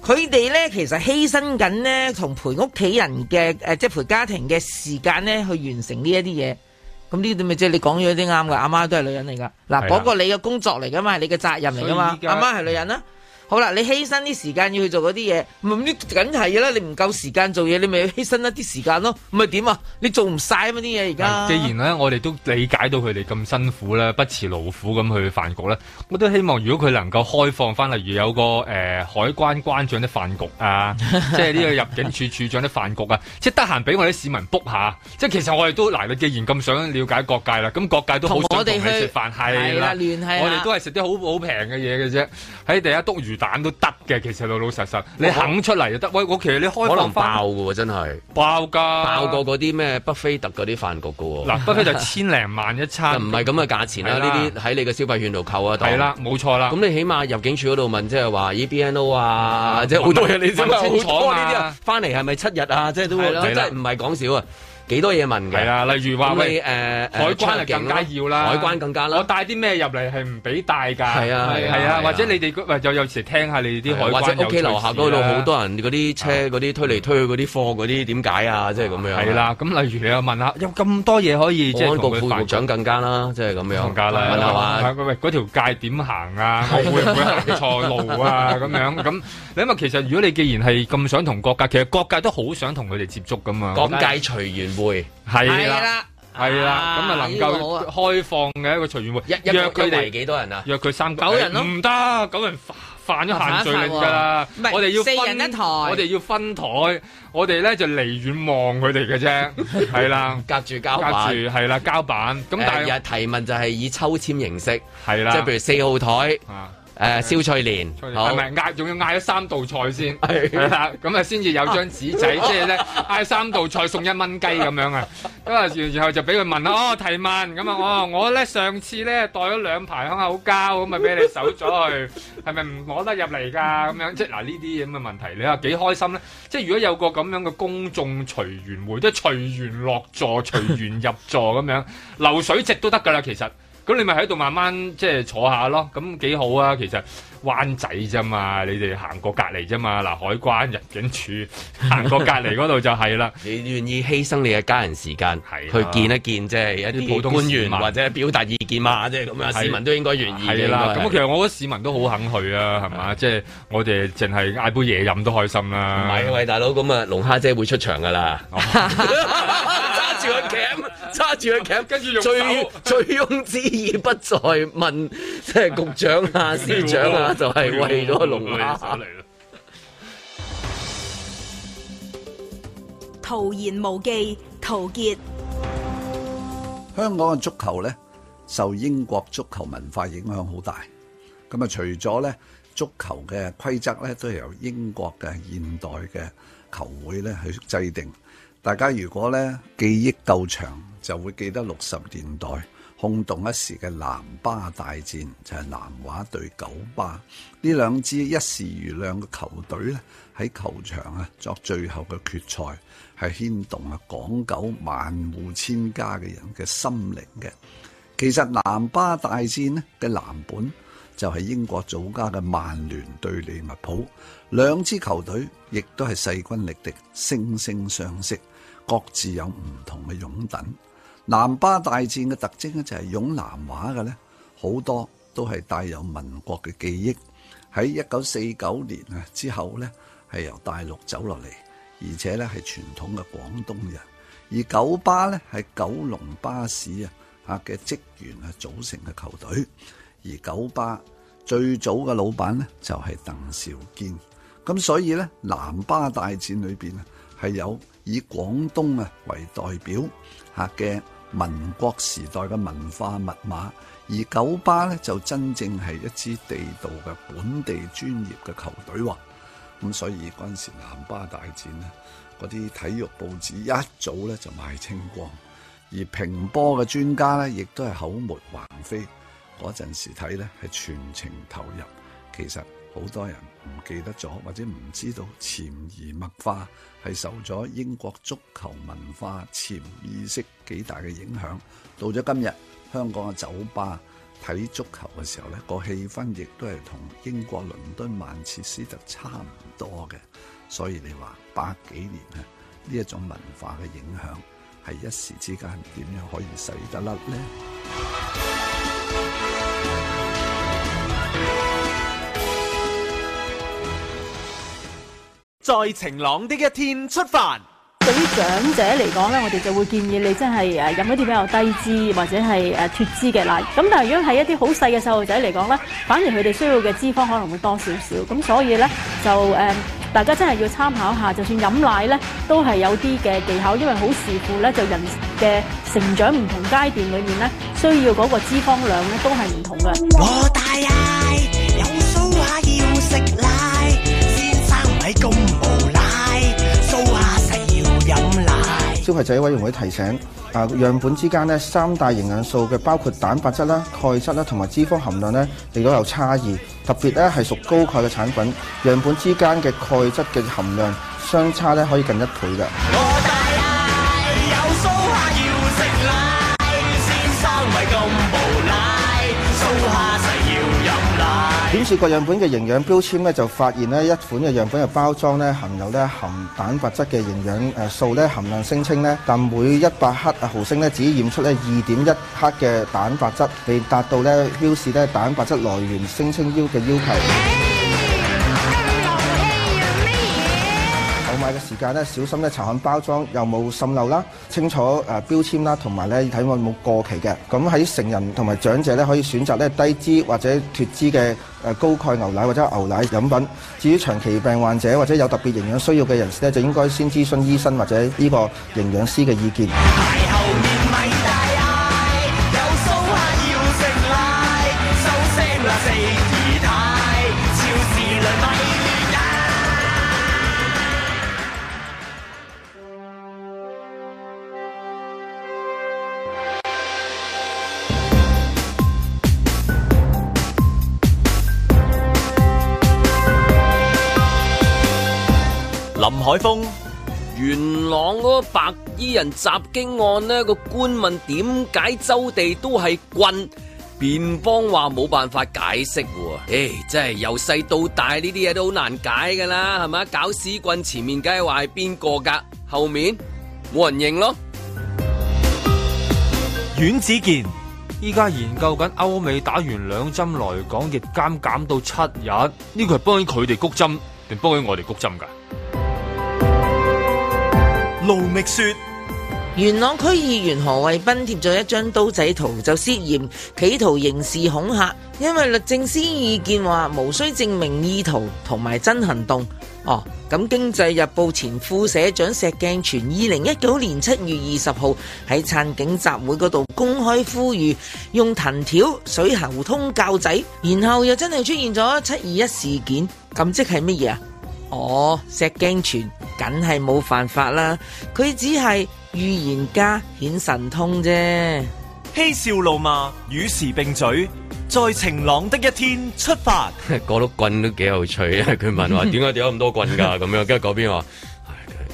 佢哋咧其實犧牲緊咧，同陪屋企人嘅誒、呃，即係陪家庭嘅時間咧，去完成呢一啲嘢。咁呢啲咪即係你講咗啲啱嘅，阿媽都係女人嚟噶。嗱、啊、嗰、那個你嘅工作嚟噶嘛，係你嘅責任嚟噶嘛，阿媽係女人啦。好啦，你犧牲啲時間要去做嗰啲嘢，唔係呢，梗係啦。你唔夠時間做嘢，你咪犧牲一啲時間咯，唔係點啊？你做唔晒啊嘛啲嘢而家。既然咧，我哋都理解到佢哋咁辛苦啦，不辭勞苦咁去飯局啦，我都希望如果佢能夠開放翻，例如有個誒、呃、海關關長啲飯局啊，即係呢個入境處處長啲飯局啊， 即係得閒俾我啲市民 book 下。即係其實我哋都嗱，你既然咁想了解各界啦，咁各界都好想去食飯，係啦，我哋都係食啲好好平嘅嘢嘅啫。喺第一蛋都得嘅，其實老老實實，你肯出嚟就得。喂，我其實你開飯可能爆嘅喎，真係爆㗎，爆過嗰啲咩巴菲特嗰啲飯局嘅喎。嗱，巴 菲就千零萬一餐，唔係咁嘅價錢啦。呢啲喺你嘅消費券度扣啊。係啦，冇錯啦。咁你起碼入境處嗰度問，即係話咦 B N O 啊，即係好多嘢你都搞清楚啊。呢啲啊，翻嚟係咪七日啊？即係都真係唔係講少啊。幾多嘢問嘅？係啊，例如話喂、呃、海關啊更加要啦，海關更加啦。我帶啲咩入嚟係唔俾帶㗎？係啊，係啊,啊,啊,啊，或者你哋嗰喂有有時聽下你哋啲海關、啊。或者屋企樓下嗰度好多人嗰啲車嗰啲推嚟推去嗰啲貨嗰啲點解啊？即係咁樣。係啦、啊，咁、啊啊啊啊、例如你又問下，有咁多嘢可以即係。嗰個副局長更加啦，即係咁樣。更加啦，係、啊、嘛？喂，嗰條街點行啊,啊？我會唔會行錯路啊？咁 樣咁，你諗下其實如果你既然係咁想同國界，其實國界都好想同佢哋接觸㗎嘛。國界隨緣。會係啦，係啦，咁啊能夠開放嘅一個隨緣會，約佢哋幾多人啊？約佢三九人咯，唔得，九人犯咗限聚令噶啦。唔係，我哋要分，四人一台，我哋要分台，我哋咧就離遠望佢哋嘅啫，係啦，隔住膠板，係啦，膠板。咁第二日提問就係以抽籤形式，係啦，即係譬如四號台。誒蕭翠蓮，係咪嗌？仲要嗌咗三道菜先，咁啊先至有張紙仔，即係咧嗌三道菜送一蚊雞咁樣啊！咁啊，然後就俾佢問啦，哦提問，咁啊我我咧上次咧袋咗兩排香口膠，咁啊俾你收咗去，係咪唔攞得入嚟㗎？咁樣即係嗱呢啲咁嘅問題，你話幾開心咧？即係如果有個咁樣嘅公眾隨緣會，即係隨緣落座、隨緣入座咁樣，流水席都得㗎啦，其實。咁你咪喺度慢慢即係坐下咯，咁幾好啊！其實灣仔啫嘛，你哋行過隔離啫嘛，嗱海關入境處行過隔離嗰度就係啦。 你願意犧牲你嘅家人時間，啊、去見一見即係一啲普通官員或者表達意見嘛？即係咁樣，市民都應該願意嘅。係啦、啊，咁、啊啊、其實我覺得市民都好肯去啊，係嘛、啊？即係我哋淨係嗌杯嘢飲都開心啦、啊。唔喂大佬咁啊，龍蝦姐會出場噶啦。揸 住 揸住個夾，跟住用。最 用最庸之意，不再問，即、就、係、是、局長啊、 司長啊，就係、是、為咗龍蝦嚟咯。陶言無忌，陶傑。香港嘅足球咧，受英國足球文化影響好大。咁啊，除咗咧足球嘅規則咧，都係由英國嘅現代嘅球會咧去制定。大家如果咧記憶夠長。就會記得六十年代轟動一時嘅南巴大戰，就係、是、南華對九巴呢兩支一時瑜亮嘅球隊咧，喺球場啊作最後嘅決賽，係牽動啊港九萬戶千家嘅人嘅心靈嘅。其實南巴大戰咧嘅藍本就係、是、英國祖家嘅曼聯對利物浦兩支球隊，亦都係勢均力敵、惺惺相惜，各自有唔同嘅擁躉。南巴大戰嘅特徵咧就係用南話嘅咧，好多都係帶有民國嘅記憶。喺一九四九年啊之後咧，係由大陸走落嚟，而且咧係傳統嘅廣東人。而九巴咧係九龍巴士啊嚇嘅職員啊組成嘅球隊。而九巴最早嘅老闆咧就係鄧肇堅。咁所以咧南巴大戰裏邊啊係有以廣東啊為代表嚇嘅。民國時代嘅文化密碼，而九巴呢就真正係一支地道嘅本地專業嘅球隊。咁所以嗰陣時南巴大戰呢，嗰啲體育報紙一早咧就賣清光，而平波嘅專家呢亦都係口沫橫飛。嗰陣時睇呢係全情投入，其實。好多人唔記得咗，或者唔知道潛移默化係受咗英國足球文化潛意識幾大嘅影響。到咗今日，香港嘅酒吧睇足球嘅時候呢，呢個氣氛亦都係同英國倫敦曼徹斯特差唔多嘅。所以你話百幾年啊，呢一種文化嘅影響係一時之間點樣可以洗得甩呢？在晴朗的一天出發。對於長者嚟講咧，我哋就會建議你真係誒飲一啲比較低脂或者係誒脱脂嘅奶。咁但係如果係一啲好細嘅細路仔嚟講咧，反而佢哋需要嘅脂肪可能會多少少。咁所以咧就誒大家真係要參考下，就算飲奶咧都係有啲嘅技巧，因為好視乎咧就人嘅成長唔同階段裏面咧需要嗰個脂肪量咧都係唔同嘅。消費者委員會提醒：啊，樣本之間呢三大營養素嘅包括蛋白質啦、啊、鈣質啦同埋脂肪含量呢嚟到有差異。特別咧，係屬高鈣嘅產品，樣本之間嘅鈣質嘅含量相差咧，可以近一倍㗎。四個樣本嘅營養標籤咧，就發現咧一款嘅樣本嘅包裝咧，含有咧含蛋白質嘅營養誒素咧含量聲稱咧，但每一百克啊毫升咧，只驗出咧二點一克嘅蛋白質，未達到咧標示咧蛋白質來源聲稱要嘅要求。嘅時間咧，小心咧查看包裝有冇滲漏啦，清楚誒標籤啦，同埋咧睇我有冇過期嘅。咁喺成人同埋長者咧，可以選擇咧低脂或者脱脂嘅誒高鈣牛奶或者牛奶飲品。至於長期病患者或者有特別營養需要嘅人士咧，就應該先諮詢醫生或者呢個營養師嘅意見。海風，元朗嗰個白衣人襲擊案，呢個官問點解周地都係棍，辯方話冇辦法解釋。唉、哎，真係由細到大呢啲嘢都好難解噶啦，係咪？搞屎棍前面梗係話係邊個噶，後面冇人認咯。阮子健，依家研究緊歐美打完兩針來港，疫監減到七日，呢、這個係幫佢哋谷針定幫佢我哋谷針噶？盧覓雪，元朗區議員何偉斌貼咗一張刀仔圖，就涉嫌企圖刑事恐嚇。因為律政司意見話，無需證明意圖同埋真行動。哦，咁《經濟日報》前副社長石鏡泉二零一九年七月二十號喺撐警集會嗰度公開呼籲用藤條、水喉通教仔，然後又真係出現咗七二一事件。咁即係乜嘢啊？哦，石鏡泉。梗係冇犯法啦，佢只係預言家顯神通啫。嬉笑怒罵與時並嘴，在晴朗的一天出發。過 碌棍都幾有趣，佢問話點解掉咁多棍噶咁樣，跟住嗰邊話，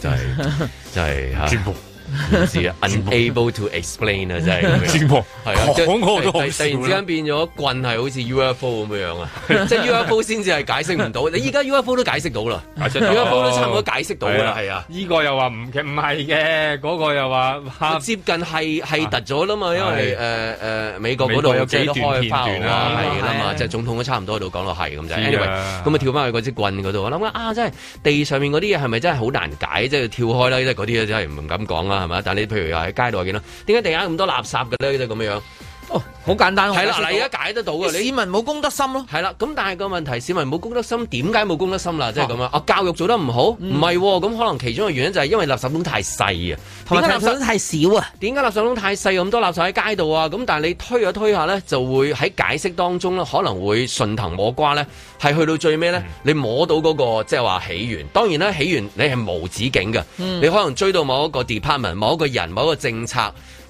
真係真係全部。就係就係 啊唔知啊 ，unable to explain 啊，真係。折磨係啊，講個都好笑啦。突然之間變咗棍係好似 UFO 咁樣啊，即 係 UFO 先至係解釋唔到。你依家 UFO 都解釋到啦，UFO 都差唔多解釋到啦，係啊。依、啊啊這個又話唔唔係嘅，嗰、那個又話接近係係突咗啦嘛，因為誒誒、呃、美國嗰度即係開拍啦，係啦嘛，即係、啊啊、總統都差唔多喺度講落係咁就。咁咪跳翻去嗰支棍嗰度，我諗下啊，真係地上面嗰啲嘢係咪真係好難解？即、就、係、是、跳開啦，即係嗰啲真係唔敢講啦、啊。係咪？但你譬如話喺街度見到，點解突然間咁多垃圾嘅咧？即係咁樣。哦，好簡單係啦，而家解，解得到嘅，你市民冇公德心咯。係啦，咁但係個問題，市民冇公德心，點解冇公德心啦？即係咁樣啊，教育做得唔好，唔係咁，可能其中嘅個原因就係因為垃圾桶太細啊，同埋垃圾桶太少啊。點解垃圾桶太細，咁多垃圾喺街度啊？咁但係你推咗推一下咧，就會喺解釋當中咧，可能會順藤摸瓜咧，係去到最尾咧、嗯，你摸到嗰、嗰個即係話起源。當然啦，起源你係無止境嘅、嗯，你可能追到某一個 department，某一個人，某一個政策。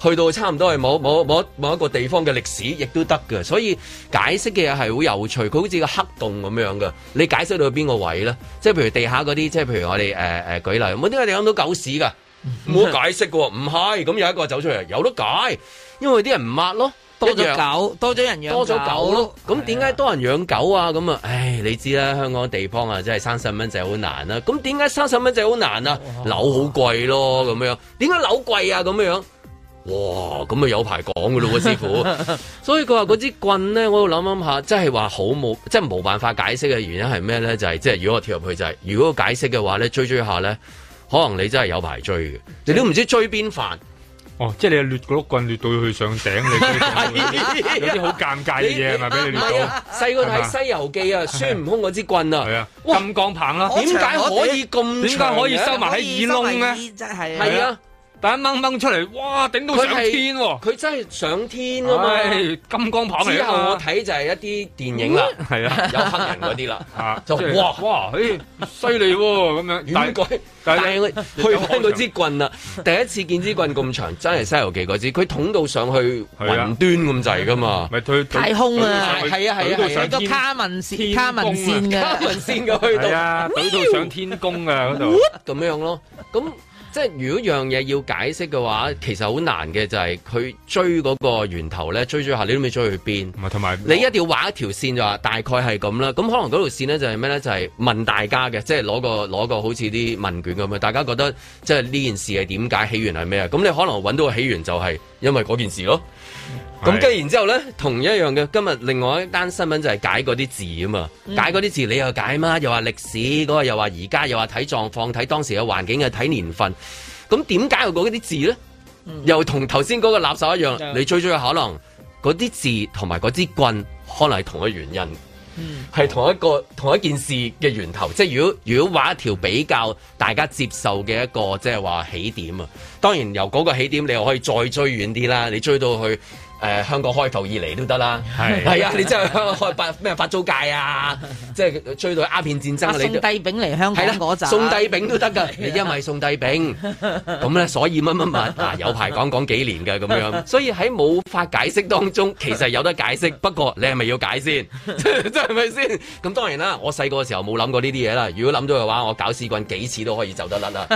去到差唔多係某某某某一個地方嘅歷史，亦都得㗎，所以解釋嘅嘢係好有趣，佢好似個黑洞咁樣㗎，你解釋到邊個位咧？即係譬如地下嗰啲，即係譬如我哋誒誒舉例，我點解養到狗屎㗎。冇 解釋嘅喎，唔係。咁有一個走出嚟，有得解，因為啲人唔抹咯，多咗狗，狗，多咗人養，多咗狗咯。咁點解多人養狗啊？咁啊，唉、哎，你知啦，香港地方啊，真係三十蚊仔好難啦。咁點解三十蚊仔好難啊？3, 難啊 樓好貴咯，咁樣點解樓貴啊？咁樣。哇，咁咪有排講噶咯，師傅。 所以佢話嗰支棍咧，我諗諗下，即係話好冇，即係冇辦法解釋嘅原因係咩咧？就係即係如果我跳入去就係、係，如果解釋嘅話咧，追追下咧，可能你真係有排追嘅，你都唔知追邊範。哦，即係你掠嗰碌棍掠到去上頂， 你有啲好尷尬嘅嘢係咪俾你。唔係 啊，細個睇《西遊記》啊，孫悟空嗰支棍啊。係啊，金鋼棒啦。點解、啊啊、可以咁長？點解可以收埋喺耳窿咧？真係係啊。 掹掹出嚟，哇，頂到上天喎，啊！佢真係上天啊嘛。哎！金剛棒嚟。之後我睇就係一啲電影啦，係、嗯、啊，有黑人嗰啲啦，就哇哇，哎，犀利喎咁樣。但係但係去開嗰支棍啦，啊，第一次見支棍咁長，真係《西遊記》嗰支，佢捅到上去，啊啊、雲端咁滯噶嘛？咪去太空啊？係啊係啊，卡文線卡文線卡文線嘅去到。啊，到上天宮啊嗰度，咁樣咯，咁。即係如果樣嘢要解釋嘅話，其實好難嘅就係佢追嗰個源頭咧，追追下你都未追去邊。同埋你一定要畫一條線就話大概係咁啦。咁可能嗰條線咧就係咩咧？就係、是、問大家嘅，即係攞個攞個好似啲問卷咁樣，大家覺得即係呢件事係點解起源係咩啊？咁你可能揾到個起源就係因為嗰件事咯。咁跟然之後呢，同一樣嘅，今日另外一單新聞就係解嗰啲字啊嘛，嗯、解嗰啲字，你又解嘛？又話歷史，嗰、嗰個又話而家，又話睇狀況，睇當時嘅環境嘅，睇年份。咁點解又嗰啲字呢？嗯、又同頭先嗰個垃圾一樣。嗯、你追追可能嗰啲字同埋嗰支棍，可能係同一原因。嗯，係同一個同一件事嘅源頭。即係如果如果畫一條比較大家接受嘅一個，即係話起點啊。當然由嗰個起點，你又可以再追遠啲啦。你追到去。誒、呃、香港開埠以嚟都得啦，係係啊，你真係開發咩發租界啊，即係追到鴉片戰爭，你、啊、宋帝昺嚟香港嗰、啊、宋帝昺都得㗎，你因為宋帝昺，咁咧所以乜乜乜啊，有排講講幾年嘅咁樣，所以喺冇、嗯嗯嗯、法解釋當中，其實有得解釋，不過你係咪要解先？真係咪先？咁當然啦，我細個嘅時候冇諗過呢啲嘢啦，如果諗到嘅話，我搞屎棍幾次都可以走得甩啦，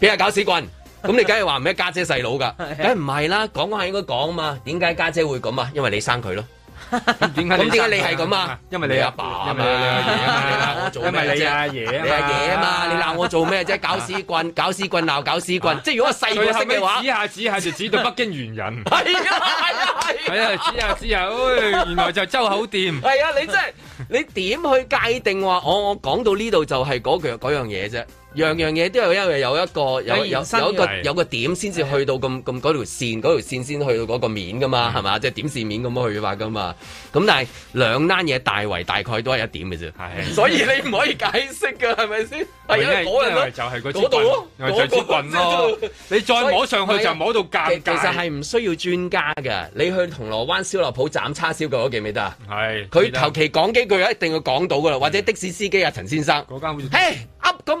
邊 個搞屎棍？咁你梗係話唔係家姐細佬噶？梗係，唔係啦，講係應該講啊嘛。點解家姐會咁啊？因為你生佢咯。點解？咁點解你係咁啊？因為你阿爸啊嘛。你阿爺啊，啊，你阿爺嘛，啊你鬧、啊啊、我做咩啫？你阿爺啊嘛，你鬧我做咩啫？搞屎棍，搞屎棍鬧搞屎棍。棍棍啊、即係如果細個識嘅話，指下指下就指到北京猿人。係 啊係啊係。係啊，啊，啊，指下指下，哎、原來就周口店。係 啊，你真係，你點去界定話我我講到、那個、呢度就係嗰句嗰樣嘢啫？樣樣嘢都係因為有一個有有有一個有，一個，有，一個，有一個點先至去到咁咁嗰條線，嗰條線先去到嗰個面噶嘛，係嘛？即係點線面咁樣去話噶嘛？咁但係兩呢單嘢大圍大概都係一點嘅啫，所以你唔可以解釋噶，係咪先？係啊，嗰樣就係嗰段，嗰、那個群咯、那個。你再摸上去就摸到尷尬。其實係唔需要專家嘅。你去銅鑼灣燒臘鋪斬叉燒嘅記唔記得啊？係，佢求其講幾句一定要講到噶啦。或者的士司機啊陳先生，間好，嘿，up 咁。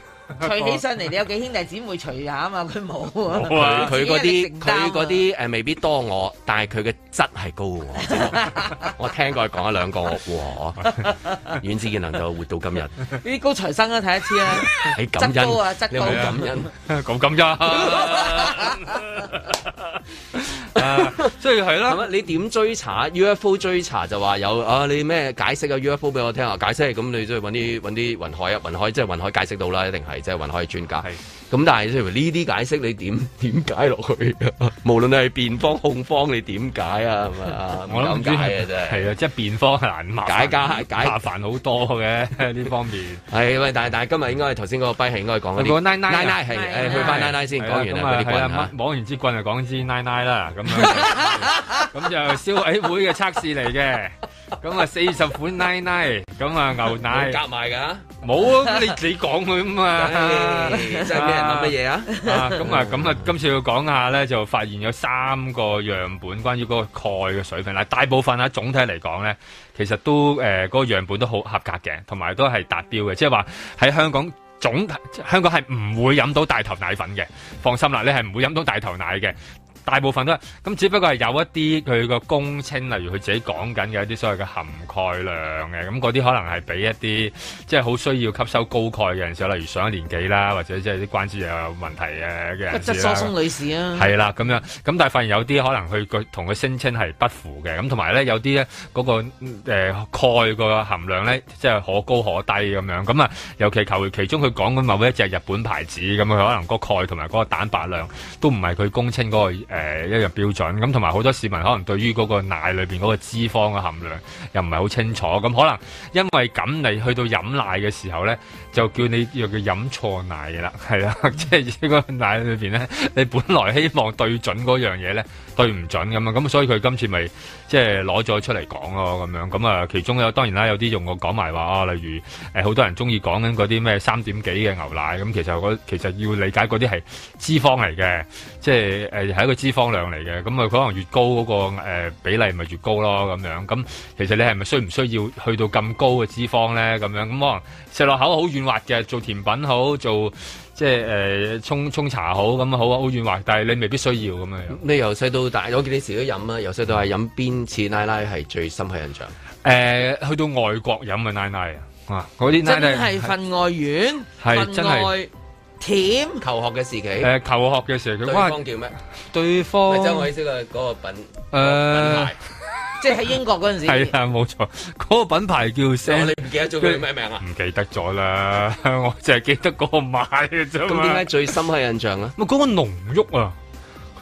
除起上嚟，你有幾兄弟姊妹除下啊？嘛，佢冇。啊。佢嗰啲佢嗰啲誒，未必多我，但係佢嘅質係高喎。 我聽過佢講一兩個，哇！阮志健能夠活到今日，啲高材生啊，睇一次啦、啊。係感恩啊，感恩，咁、啊、感恩。即係係啦。你點追查 UFO？追查就話有啊？你咩解釋啊？UFO 俾我聽啊！解釋咁，那你即係揾啲啲雲海啊，雲海，雲海即係雲海解釋到啦，一定係雲海專家。咁但係，例如呢啲解釋你點點解落去？無論你係辯方控方，你點解啊？係嘛？唔諗解嘅真係係啊！即係辯方難解解解，麻煩好多嘅呢方面。係喂，但係但係今日應該係頭先嗰個批係應該講嗰啲奶奶係誒，去返奶奶先講完啦。咁啊，係啊，摸完支棍就講支奶奶啦。咁樣咁就消委會嘅測試嚟嘅。咁啊，四十款奶奶咁啊，牛奶夾埋㗎。冇啊！你你講佢咁啊，真係。諗乜嘢啊？咁啊，咁啊，今次要講下咧，就發現有三個樣本關於嗰個鈣嘅水平啦。大部分啊，總體嚟講咧，其實都誒嗰個樣本都好合格嘅，同埋都係達標嘅。即係話喺香港總香港係唔會飲到大頭奶粉嘅，放心啦，你係唔會飲到大頭奶嘅。大部分都係咁，只不過係有一啲佢個公稱，例如佢自己講緊嘅一啲所謂嘅含鈣量嘅，咁嗰啲可能係俾一啲即係好需要吸收高鈣嘅人，時候例如上一年紀啦，或者即係啲關節又有問題嘅嘅人士骨質疏鬆女士啊，係啦，咁樣咁，但係發現有啲可能佢佢同佢聲稱係不符嘅，咁同埋咧有啲咧嗰個誒、呃、鈣個含量咧，即係可高可低咁樣，咁啊，尤其求其中佢講緊某一隻日本牌子，咁佢可能個鈣同埋嗰個蛋白量都唔係佢公稱嗰、嗰個。誒、呃、一樣標準咁，同埋好多市民可能對於嗰個奶裏邊嗰個脂肪嘅含量又唔係好清楚，咁可能因為咁你去到飲奶嘅時候呢，就叫你要叫飲錯奶啦，係啦，即係呢個奶裏邊呢，你本來希望對準嗰樣嘢呢，對唔準咁，咁所以佢今次咪即係攞咗出嚟講咯，咁樣咁啊，其中有當然啦，有啲用我講埋話啊，例如、呃、好多人中意講緊嗰啲咩三點幾嘅牛奶，咁其實其實要理解嗰啲係脂肪嚟嘅。即係誒係一個脂肪量嚟嘅，咁、嗯、啊可能越高嗰、那個、呃、比例咪越高咯咁樣。咁、嗯、其實你係咪需唔需要去到咁高嘅脂肪咧？咁樣咁、嗯、可能食落口好軟滑嘅，做甜品好，做即係誒、呃、沖沖茶好咁好啊好軟滑，但係你未必需要咁啊。你由細到大，我見你時都飲啦。由細到大飲邊次奶奶係最深刻印象？誒、呃，去到外國飲嘅、啊、奶奶啊，嗰啲奶奶係真係份外軟，份外。甜求學嘅時期，誒、呃，求學嘅時期，對方叫咩？對方，張偉思嘅個品、那個、品、呃、即係喺英國嗰陣時候，係 啊，冇錯，嗰、那個品牌叫、哦、你唔記、記、 記得咗佢咩名啊？唔記得咗啦，我淨係記得嗰個買嘅啫。咁點解最深刻印象咧？嗰、那個濃郁啊！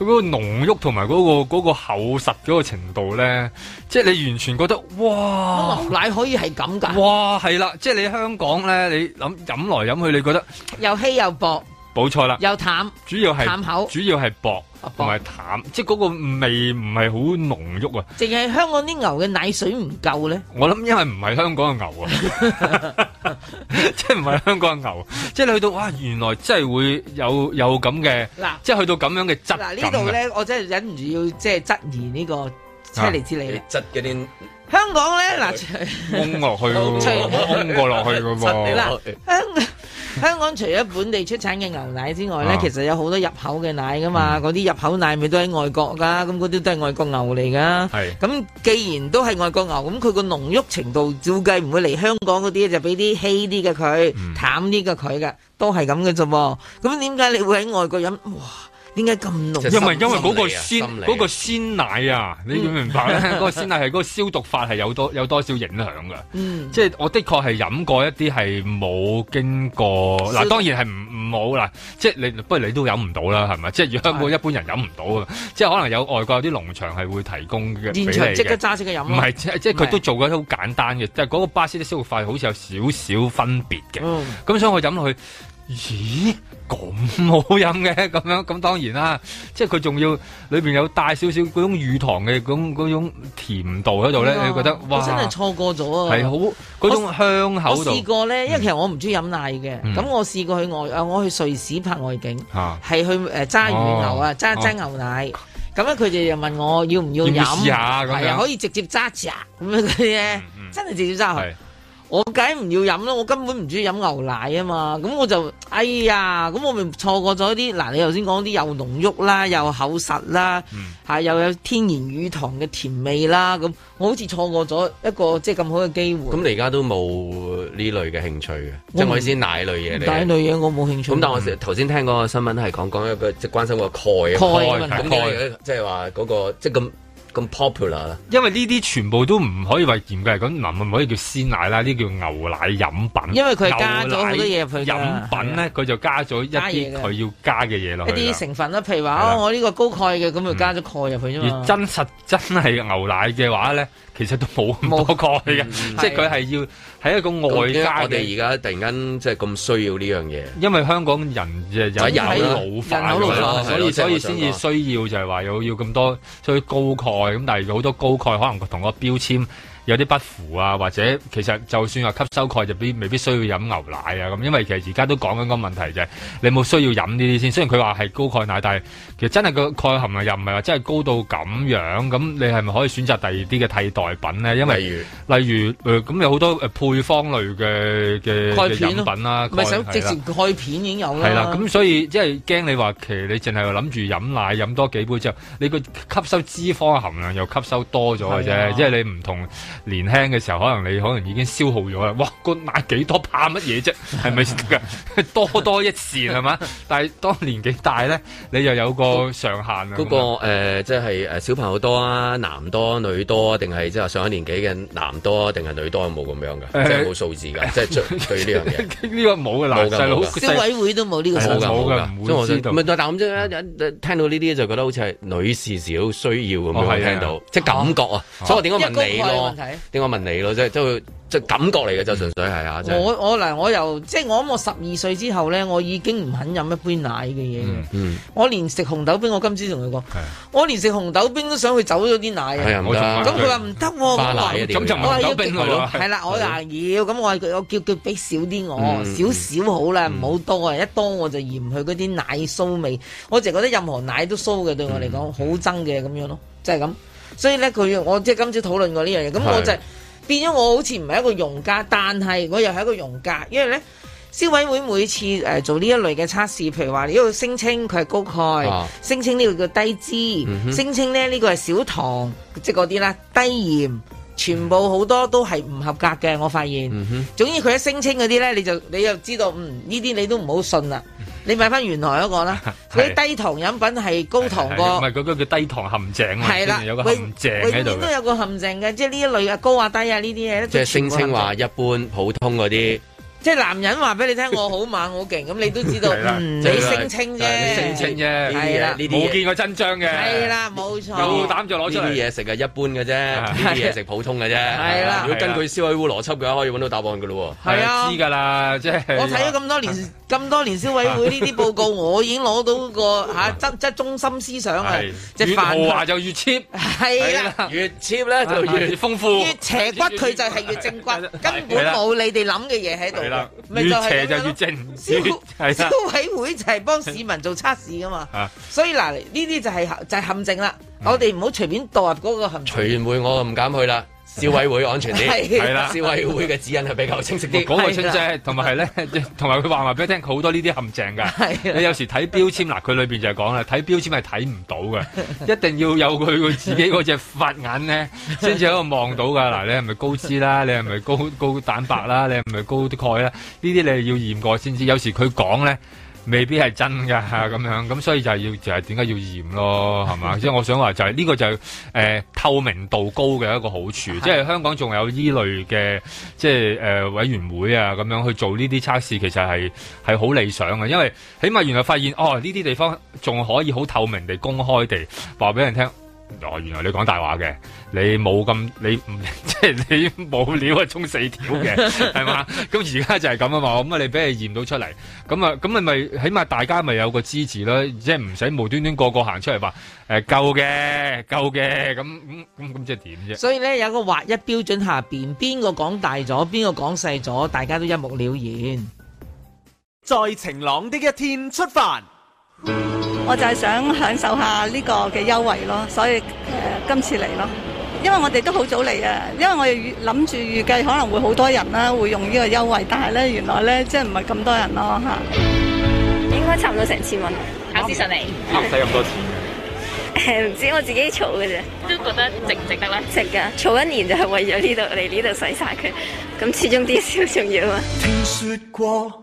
佢、那、嗰個濃郁同埋嗰個嗰個厚實嗰個程度咧，即係你完全覺得哇！牛、哦、奶可以係咁㗎？哇，係啦，即係你香港咧，你諗飲來飲去，你覺得又稀又薄。冇錯啦，又淡，主要係淡口，主要係薄，同埋淡，即係嗰個味唔係好濃郁啊！淨係香港啲牛嘅奶水唔夠咧，我諗因為唔係香港嘅牛啊， 即係唔係香港嘅牛， 即係你去到哇，原來真係會有有咁嘅，即係去到咁樣嘅質的。嗱，呢度咧，我真係忍唔住要即係質疑呢、呢個車厘子嚟質嗰啲。香港咧嗱，安落去，安過落去嘅噃。嗱， 香港香港除咗本地出產嘅牛奶之外咧， 其實有好多入口嘅奶噶嘛。嗰、啊、啲入口奶咪都喺外國噶，咁嗰啲都係外國牛嚟噶。係。咁既然都係外國牛，咁佢個濃郁程度，照計唔會嚟香港嗰啲，就俾啲稀啲嘅佢，淡啲嘅佢嘅，都係咁嘅啫噃。咁點解你會喺外國飲？哇！點解咁濃？又唔係因為嗰、啊、個鮮、啊那個鮮奶啊？你明白嗰、嗯、 個鮮奶係嗰、那個消毒法係有多有多少影響噶？嗯，即係我的確係飲過一啲係冇經過嗱，當然係唔唔好啦，即係你不如你都飲唔到啦，係咪？即係香港一般人飲唔到噶，即係可能有外國有啲農場係會提供嘅。現場刻刻是即刻揸住佢飲。唔係即係佢都做緊好簡單嘅，就係、是、嗰個巴斯德消毒法好似有少少分別嘅。嗯，咁所以我飲落去。咦，咁好飲嘅，咁樣，咁當然啦，即係佢仲要裏邊有大少少嗰種乳糖嘅，咁嗰種甜度喺度咧，你覺得哇我真係錯過咗啊！係好嗰種香口我試過咧，因為其實我唔中意飲奶嘅，咁、嗯、我試過去外啊，我去瑞士拍外景，係、啊、去誒揸、呃、乳牛啊，揸揸牛奶，咁咧佢哋又問我要唔要飲，係又可以直接揸住咁樣嗰啲咧，真係直接揸去。我梗唔要飲咯，我根本唔中意飲牛奶啊嘛，咁我就哎呀，咁我咪錯過咗啲嗱，你頭先講啲又濃郁啦，又厚實啦、嗯，又有天然乳糖嘅甜味啦，咁我好似錯過咗一個即係咁好嘅機會。咁、嗯、你而家都冇呢類嘅興趣嘅，即係我意思奶類嘢嚟。奶類嘢我冇興趣。咁、就是、但我頭先聽嗰個新聞係講講一個即係關心個、就是那個鈣啊，即係話嗰個即係咁。咁 popular 啦，因為呢啲全部都唔可以話嚴格嚟講，能唔可以叫鮮奶啦，呢叫牛奶飲品。因為佢加咗好多嘢入去㗎，飲品咧佢就加咗一啲佢要加嘅嘢落去，一啲成分啦。譬如話、哦，我呢個高鈣嘅，咁就加咗鈣入去啫嘛。嗯、如果真實真係牛奶嘅話咧。 其實都冇咁多鈣嘅、嗯啊，即係佢係要喺一個外加嘅。嗯嗯啊、因為我哋而家突然間即係咁需要呢樣嘢，因為香港人有有老，老，老化，所以所以先至需要就係話有要咁多所以高鈣咁，但係好多高鈣可能同個標籤。有啲不符啊，或者其實就算話吸收鈣就必未必需要飲牛奶啊咁，因為其實而家都講緊個問題就係你冇需要飲呢啲先。雖然佢話係高鈣奶，但係其實真係個鈣含量又唔係話真係高到咁樣。咁你係咪可以選擇第二啲嘅替代品呢？因為例如咁、呃、有好多配方類嘅嘅、啊、飲品啦，咪想直接鈣片已經有啦。係啦，咁所以即係驚你話，其實你淨係諗住飲奶飲多幾杯之後，你個吸收脂肪含量又吸收多咗嘅啫。即係你唔同，年輕嘅時候，可能你可能已經消耗咗啦，哇，那個買幾多怕乜嘢啫？係咪噶？多多益善係嘛？但係當年紀大咧，你就有個上限啦。嗰、那個誒，即係誒，呃就是、小朋友多啊，男多女多，定係即係上一年紀嘅男多定係女多沒有冇咁樣噶、呃，即係冇數字噶，即、呃、係、就是、對呢樣嘢呢個冇噶，冇噶，消委會都冇呢個數噶，唔會。咁即係聽到呢啲就覺得好似係女士少需要咁樣、哦、聽到，是即係感覺啊，所以我點解問你咯？啊點解問你咯？即係即係，即係感覺嚟嘅，就純粹係啊！我我嗱，我又，即係我諗，我十二歲之後咧，我已經唔肯飲一杯奶嘅嘢。我連食紅豆冰，我今次同佢講，我連食紅豆冰都想去走咗啲奶。啊，咁佢話唔得，冇奶啊！點？我話要冰嚟，係啦，我話要咁，我我叫佢俾少啲我，少少好啦，唔好多啊，一多我就嫌佢嗰啲奶騷味。我覺得任何奶都騷嘅，對我嚟講好憎嘅咁樣咯，即係咁。所以咧，佢我即係今朝討論過呢樣嘢，咁我就變咗我好似唔係一個融家，但係我又係一個融家，因為咧消委會每次誒、呃、做呢一類嘅測試，譬如話，因為聲稱佢係高鈣，啊、聲稱呢個叫低脂，嗯、聲稱咧呢個係少糖，即係嗰啲啦，低鹽，全部好多都係唔合格嘅，我發現。嗯、哼總之佢一聲稱嗰啲咧，你就你就知道，嗯，呢啲你都唔好信啦。你買翻原來嗰個啦，你低糖飲品係高糖個，唔係嗰個叫低糖陷阱啊！係啦，有個陷阱喺度，都有個陷阱嘅，即係呢一類啊高啊低啊呢啲嘢，即係聲稱話一般普通嗰啲。 即係男人話俾你聽，我好猛好勁，咁你都知道， 的嗯就是、你聲稱啫，的聲稱啫，係啦，呢啲冇見過真章嘅，係啦，冇錯，有冇膽就攞住啲嘢食係一般嘅啫，啲嘢食普通嘅啫，係啦。如果根據消委會邏輯嘅話，可以搵到答案噶咯喎，係啊，知噶啦，即係我睇咗咁多年，咁、啊多,啊、多年消委會呢啲報告、啊，我已經攞到個吓真真中心思想啊！越繁華就越 cheap，係啦，越 cheap 咧就越豐富，越邪骨佢就係越正骨，根本冇你哋諗嘅嘢喺度。越邪就越正，係就係越正消正消委會就係幫市民做測試噶嘛、啊，所以嗱呢啲就係、係、就係、係、陷阱啦、嗯，我哋唔好隨便墮入嗰個陷阱。便會我唔敢去啦。消委會安全啲，係 啦，消委會嘅指引係比較清晰啲。嗰、嗰個親姐，同埋係咧，同埋佢話話俾你聽，好 多呢啲陷阱㗎。你有時睇標籤，嗱佢裏邊就係講啦，睇標籤係睇唔到㗎， 一定要有佢佢自己嗰隻法眼咧，先至喺度望到㗎。嗱，你係咪高脂啦？你係咪高高蛋白啦？你係咪高啲鈣啦？呢啲你係要驗過先知。有時佢講咧。未必係真㗎，咁樣，咁所以就係要，就係點解要驗咯，係嘛？ 即係我想話就係呢個就係誒透明度高嘅一個好處， 即係香港仲有依類嘅，即係誒、呃、委員會啊咁樣去做呢啲測試，其實係係好理想嘅，因為起碼原來發現哦呢啲地方仲可以好透明地公開地話俾人聽。哦，原來你講大話嘅，你冇咁，你即係你冇料啊，充四條嘅，係 嘛？咁而家就係咁啊嘛，咁啊你俾佢驗到出嚟，咁啊咁你咪起碼大家咪有個支持咯，即係唔使無端端個個行出嚟話、欸、夠嘅夠嘅，咁咁咁咁即係點啫？所以咧有個劃一標準下邊，邊個講大咗，邊個講細咗，大家都一目了然。在晴朗的一天出發。我就係想享受下呢個嘅優惠咯，所以誒、呃、今次嚟咯。因為我哋都好早嚟啊，因為我哋諗住預計可能會好多人啦，會用呢個優惠，但係咧原來咧即係唔係咁多人咯吓、啊。應該差唔多成千蚊、嗯，考試上嚟，使、嗯、咁多錢？唔、 嗯、知道我自己儲嘅啫，都覺得值唔值得啦。值噶，儲一年就係為咗呢度嚟呢度使晒佢，咁始終啲小重要啊。聽說過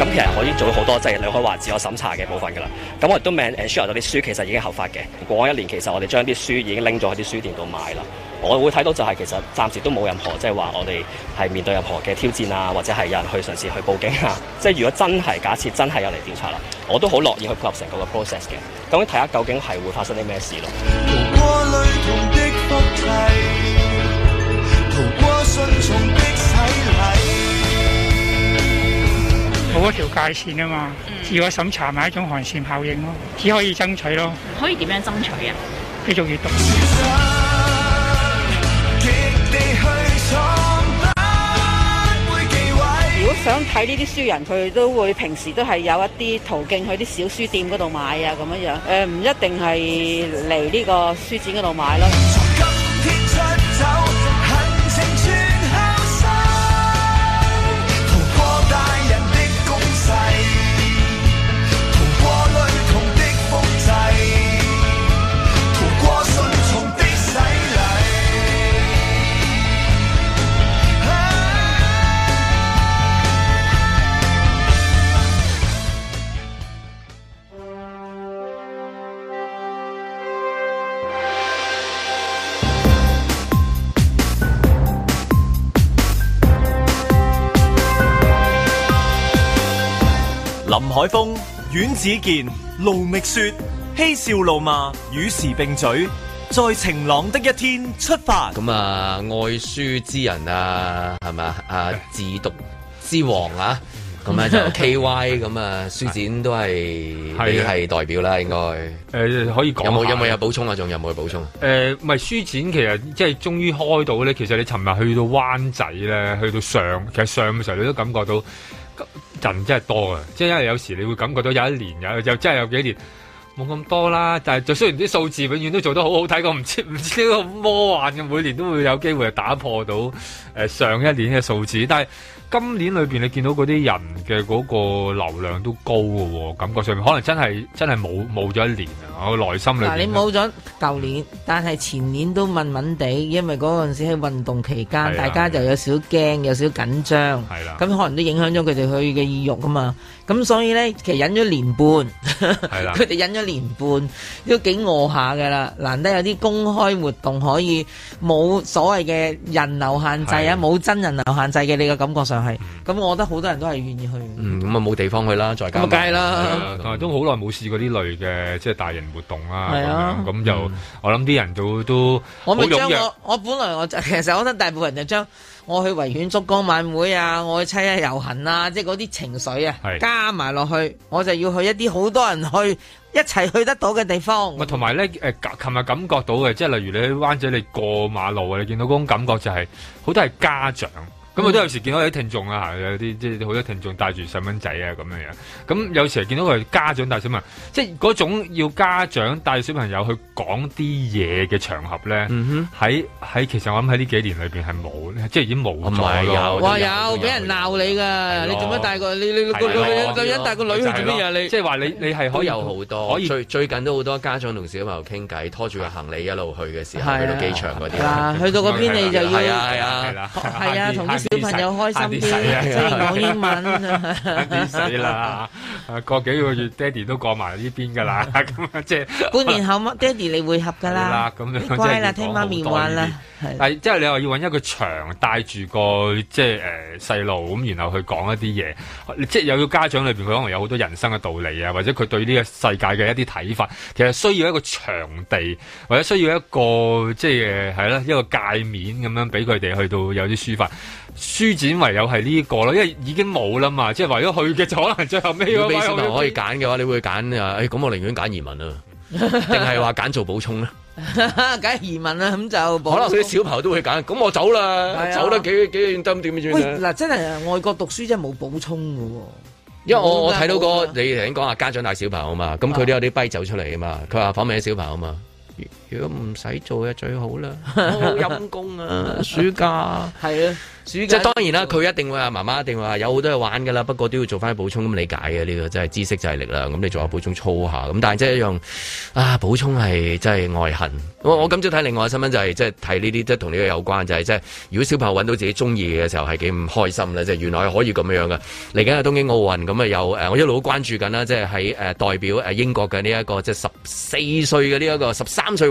咁其實可以做好多，即係你可以話自我審查嘅部分㗎啦。咁我亦都 mention 誒，share 咗啲書，其實已經合法嘅。過一年其實我哋將啲書已經拎咗喺啲書店度賣啦。我會睇到就係其實暫時都冇任何即係話我哋係面對任何嘅挑戰啊，或者係有人去嘗試去報警啊。即係如果真係假設真係有嚟調查啦，我都好樂意去配合成個嘅 process 嘅。咁樣睇下究竟係會發生啲咩事咯。冇嗰條界線啊嘛，自、嗯、我審查咪一種寒蟬效應咯，只可以爭取咯。可以點樣爭取啊？繼續閱讀。如果想睇呢啲書人，佢都會平時都係有一啲途徑去啲小書店嗰度買啊，咁樣樣。誒、呃，唔一定係嚟呢個書展嗰度買咯。海峰、阮子健、盧覓雪、嬉笑怒罵，與時並舉，在晴朗的一天出發。咁啊，愛書之人啊，係咪啊？啊，自讀之王啊，咁 啊，就是、K Y 咁啊，書展都係係你代表啦，應該。誒、呃，可以講。有冇有冇有補充啊？仲有冇補充？誒，唔係書展，其實即係終於開到咧。其實你尋日去到灣仔咧，去到上，其實上嘅時候你都感覺到。陣真係多啊！即係因為有時你會感覺到有一年有又真係有幾年冇咁多啦，但係就雖然啲數字永遠都做得好好睇，過唔知唔知呢個魔幻嘅，每年都會有機會係打破到誒、呃、上一年嘅數字，但係。今年裏邊你見到嗰啲人嘅嗰個流量都高嘅喎，感覺上可能真係真係冇冇咗一年啊！我內心裏嗱，你冇咗舊年，但係前年都悶悶地，因為嗰陣時喺運動期間，大家就有少驚，有少緊張，係啦，咁可能都影響咗佢哋去嘅意欲啊嘛。咁所以咧，其實忍咗年半，係啦，佢哋忍咗年半都幾餓下嘅啦。難得有啲公開活動可以冇所謂嘅人流限制啊，冇真人流限制嘅，你嘅感覺上。係，咁我覺得好多人都係願意去。嗯，咁啊冇地方去啦，再搞街啦。同埋都好耐冇試過呢類嘅，即係大型活動啦。係啊。咁就、嗯、我諗啲人都都我咪將我我本來我其實我覺得大部分人就將我去維園燭光晚會啊，我去七一遊行啊，即係嗰啲情緒啊，加埋落去，我就要去一啲好多人去一齊去得到嘅地方。同埋咧，誒、呃，琴日感覺到嘅，即係例如你喺灣仔，你過馬路，你見到嗰種感覺就係、是、好多係家長。咁我都有時見到有啲聽眾啊，有啲即係好多聽眾帶住細蚊仔啊咁樣樣。咁有時見到佢家長帶小朋，即係嗰種要家長帶小朋友去講啲嘢嘅場合咧，喺、嗯、喺其實我諗喺呢幾年裏邊係冇，即係已經冇咗咯。哇！有俾人鬧你噶，你做乜帶個女人？個個帶個女去做咩嘢？你即係話你你係、就是、可以有好多，可以最，最近都好多家長同小朋友傾偈，拖住個行李一路去嘅時候、啊啊，去到機場嗰啲啊，去到嗰邊你就要係啊係啊小朋友開心啲，即係講英文啊！啦嚇，過 幾個月爹哋都過埋呢邊噶啦，咁即係半年後爹哋你會合噶 啦，咁乖啦、就是，聽媽咪話啦。係，即 係、啊就是、你話要揾一個場帶住個即係誒細路咁，然後去講一啲嘢。即、就、係、是、有個家長裏邊佢可能有好多人生嘅道理啊，或者佢對呢個世界嘅一啲睇法，其實需要一個場地，或者需要一個即係係啦一個界面咁樣俾佢哋去到有啲抒發。書展唯有係呢，這個啦，因為已經冇啦嘛，即係為咗去嘅，就可能最後尾。如果俾可以揀嘅話，你會揀啊？哎，咁我寧願揀移民啊，定係話揀做補充咧？梗係 移民啦，咁就補充。可能啲小朋友都會揀。咁我走啦，哎，走得幾、哎、幾遠得咁點算咧？嗱，真係外國讀書真係冇補充噶，因為我我睇到個你頭先講家長帶小朋友啊嘛，咁佢都有啲跛走出嚟啊嘛，佢話訪問啲小朋友啊嘛。如果唔使做嘅最好啦，我 好陰功啊， 暑假 啊！暑假係啊，暑假即係當然啦。佢一定會啊， 媽媽一定會話有好多嘢玩㗎啦。不過都要做翻補充咁理解嘅呢、這個真係知識就係力量，咁你做下補充粗下咁，但係即係一樣啊補充係真係愛恨。我我今朝睇另外一新聞就係、是、即係睇呢啲即係同呢個有關就係即係如果小朋友揾到自己中意嘅時候係幾唔開心啦。即係原來可以咁樣㗎。嚟緊係東京奧運咁啊，有誒我一路都關注緊啦。即係喺誒代表誒英國嘅呢一個即係十四歲嘅呢一個、嗯、十三歲。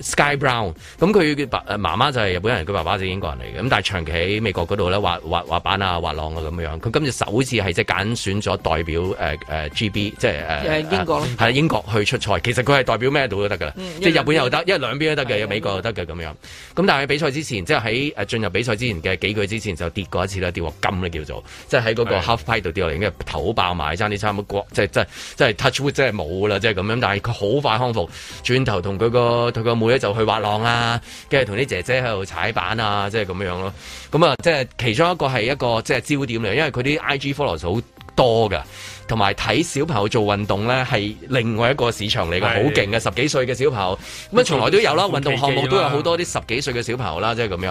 Sky Brown，咁佢媽媽就係日本人，佢爸爸就英國人嚟嘅。咁但係長期喺美國嗰度咧滑滑滑板啊、滑浪啊咁樣。佢今次首次係即係揀選咗代表、啊啊、GB，即係、啊、英國係、啊、英國去出賽。其實佢係代表咩度都得㗎、嗯，即係日本又得，因、嗯、為兩,兩邊都得嘅，美國又得嘅咁樣。咁但係比賽之前，即係喺進入比賽之前嘅幾個月之前就跌過一次啦，跌鑊金咧叫做，即係喺嗰個 half pipe 度跌落嚟，跟住頭爆埋，差啲差唔多即係即係即係 touch wood，即係冇啦，即係咁樣。但係佢好快康復，轉頭同佢個佢或者就去滑浪啊，跟住同啲姐姐喺度踩板啊，即係咁樣咯。咁啊，即係其中一個係一個即係焦點嚟，因為佢啲 IG followers 好多噶，同埋睇小朋友做運動咧係另外一個市場嚟嘅，好勁啊，十幾歲嘅小朋友。咁啊，從來都有啦，運動項目都有好多啲十幾歲嘅小朋友啦，即係咁樣。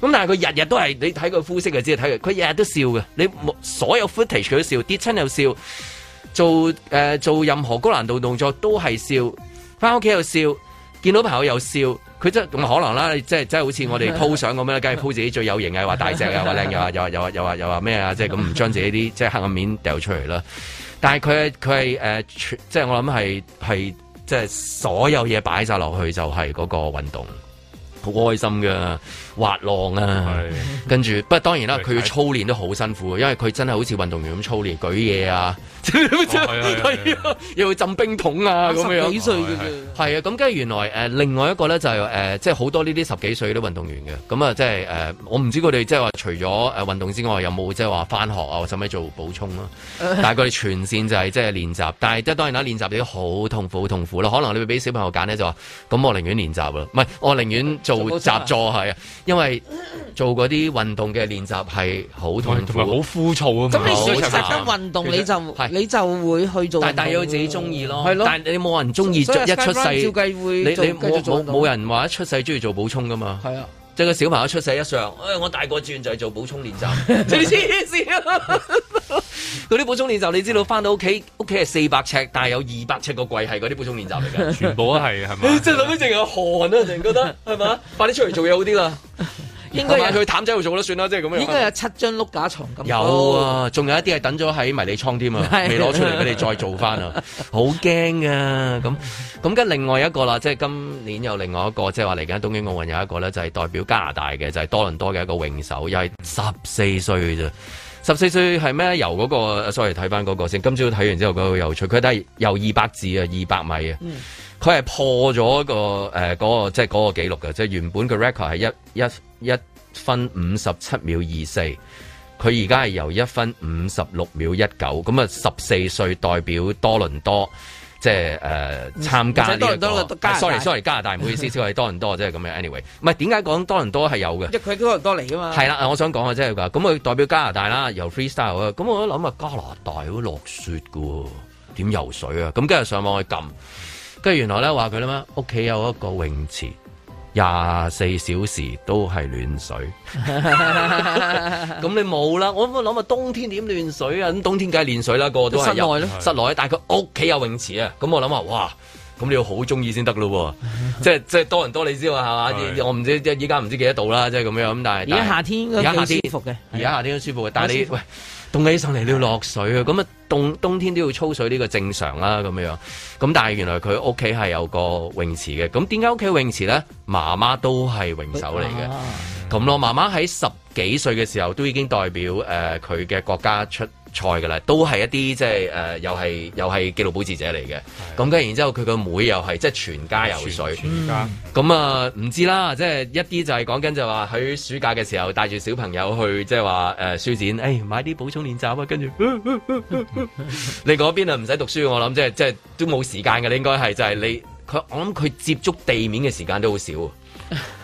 咁但係佢日日都係，你睇佢膚色嘅，即係睇佢，佢日日都笑嘅。你所有 footage 佢都笑，跌親又笑，做誒、呃、做任何高難度動作都係笑，翻屋企又笑。.見到朋友有笑，佢即係咁可能啦，即係真係好似我哋 po 相咁樣，梗係 po 自己最有型嘅，話大隻啊，話靚嘅，又話又話 又話又話咩啊，即係咁唔將自己啲即係黑暗面掉出嚟啦。但係佢係佢係誒，即係、呃就是、我諗係係即係所有嘢擺晒落去就係嗰個運動。好開心噶，滑浪啊，跟住不過，當然啦，佢要操練都好辛苦，因為佢真係好似運動員咁操練，舉嘢啊、哦， 又要浸冰桶啊咁樣。幾歲嘅？係啊，咁跟住原來、呃、另外一個咧就係、是呃、即係好多呢啲十幾歲啲運動員嘅，咁、嗯、啊，即係誒、呃，我唔知佢哋即係話除咗誒運動之外，有冇即係話翻學啊，或者咩做補充啦、啊？但係佢哋全線就係即係練習，但係即當然啦，練習都好痛，痛苦，好痛苦喇，可能你會俾小朋友揀咧，就話咁我寧願練習啦，唔係我寧願。做雜坐係，因為做嗰啲運動嘅練習係好痛苦、好枯燥啊嘛。咁你做實際運動，你就係你就會去做。但係有自己中意咯，咯但係你冇人中意一出世照會做，繼續冇人話一出世中意做補充噶嘛？係啊。即係個小朋友出世一上，誒，我大個轉就係做補充練習，做黐線嗰啲補充練習，你知道翻到屋企，屋企係四百尺，但係有二百尺個櫃係嗰啲補充練習嚟㗎，全部都係，係咪？即係後屘淨係寒啊，淨覺得，係咪？是 快啲出嚟做嘢好啲啦。應該有佢淡仔去做啦，算啦，即係咁樣。應該有七張碌架床咁。啊、有啊，仲有一啲係等咗喺迷你倉添啊, 啊，未攞出嚟俾你再做翻啊，好驚啊，咁咁跟另外一個啦，即、就、係、是、今年有另外一個，即係話嚟緊東京奧運有一個咧，就係代表加拿大嘅，就係、是、多倫多嘅一個泳手，又係十四歲嘅啫。十四歲係咩？由嗰、那個，sorry，睇翻嗰個先。今朝睇完之後嗰個好有趣，佢都係由二百字啊，二百米啊。佢係破咗、嗰個誒嗰、呃嗰個即係嗰個記錄嘅，即係原本個 record 係一一一分五十七秒二四，佢而家係由一分五十六秒一九，咁啊，十四歲代表多倫多，即係誒參加、這個、多倫多。sorry sorry，加拿大唔好意思 s 係 多倫多即係咁樣。anyway，唔係點解講多倫多係有嘅？即佢喺多倫多嚟噶嘛？係啦，我想講下，即係噶，咁佢代表加拿大啦，由 freestyle 啊，咁我都諗啊，加拿大都落雪噶，點游水啊？咁跟住上網去撳。跟住原來咧話佢啦嘛，屋企有一個泳池，廿四小時都係暖水。咁 你冇啦，我咁啊諗啊冬天點暖水啊？咁冬天梗係暖水啦，個，個都室內咧。室內但係佢屋企有泳池啊。咁我諗啊，哇！咁你要好中意先得咯。即係即係多人多你知嘛，係嘛？我唔知即依家唔知幾多度啦，即係咁樣咁。但係而家夏天而家夏天舒服嘅，而家夏天都舒服嘅，但係你喂。凍起上嚟要落水啊！咁啊，凍冬天都要操水呢個正常啦，啊，咁樣樣。咁但係原來佢屋企係有個泳池嘅。咁點解屋企泳池咧？媽媽都係泳手嚟嘅。咁我媽媽喺十幾歲嘅時候都已經代表誒佢嘅國家出菜噶啦，都係一啲即係誒，又係又係記錄保持者嚟嘅。咁跟然之後佢個妹，妹又係即係全家游水。全，全家咁、嗯、啊，唔知啦。即、就、係、係、一啲就係講緊就話喺暑假嘅時候帶住小朋友去即係話誒書展，誒、哎、買啲補充練習啊。跟住 你嗰邊啊唔使讀書，我諗即係即係都冇時間嘅。你應該係就係、係、你佢，我諗佢接觸地面嘅時間都好少。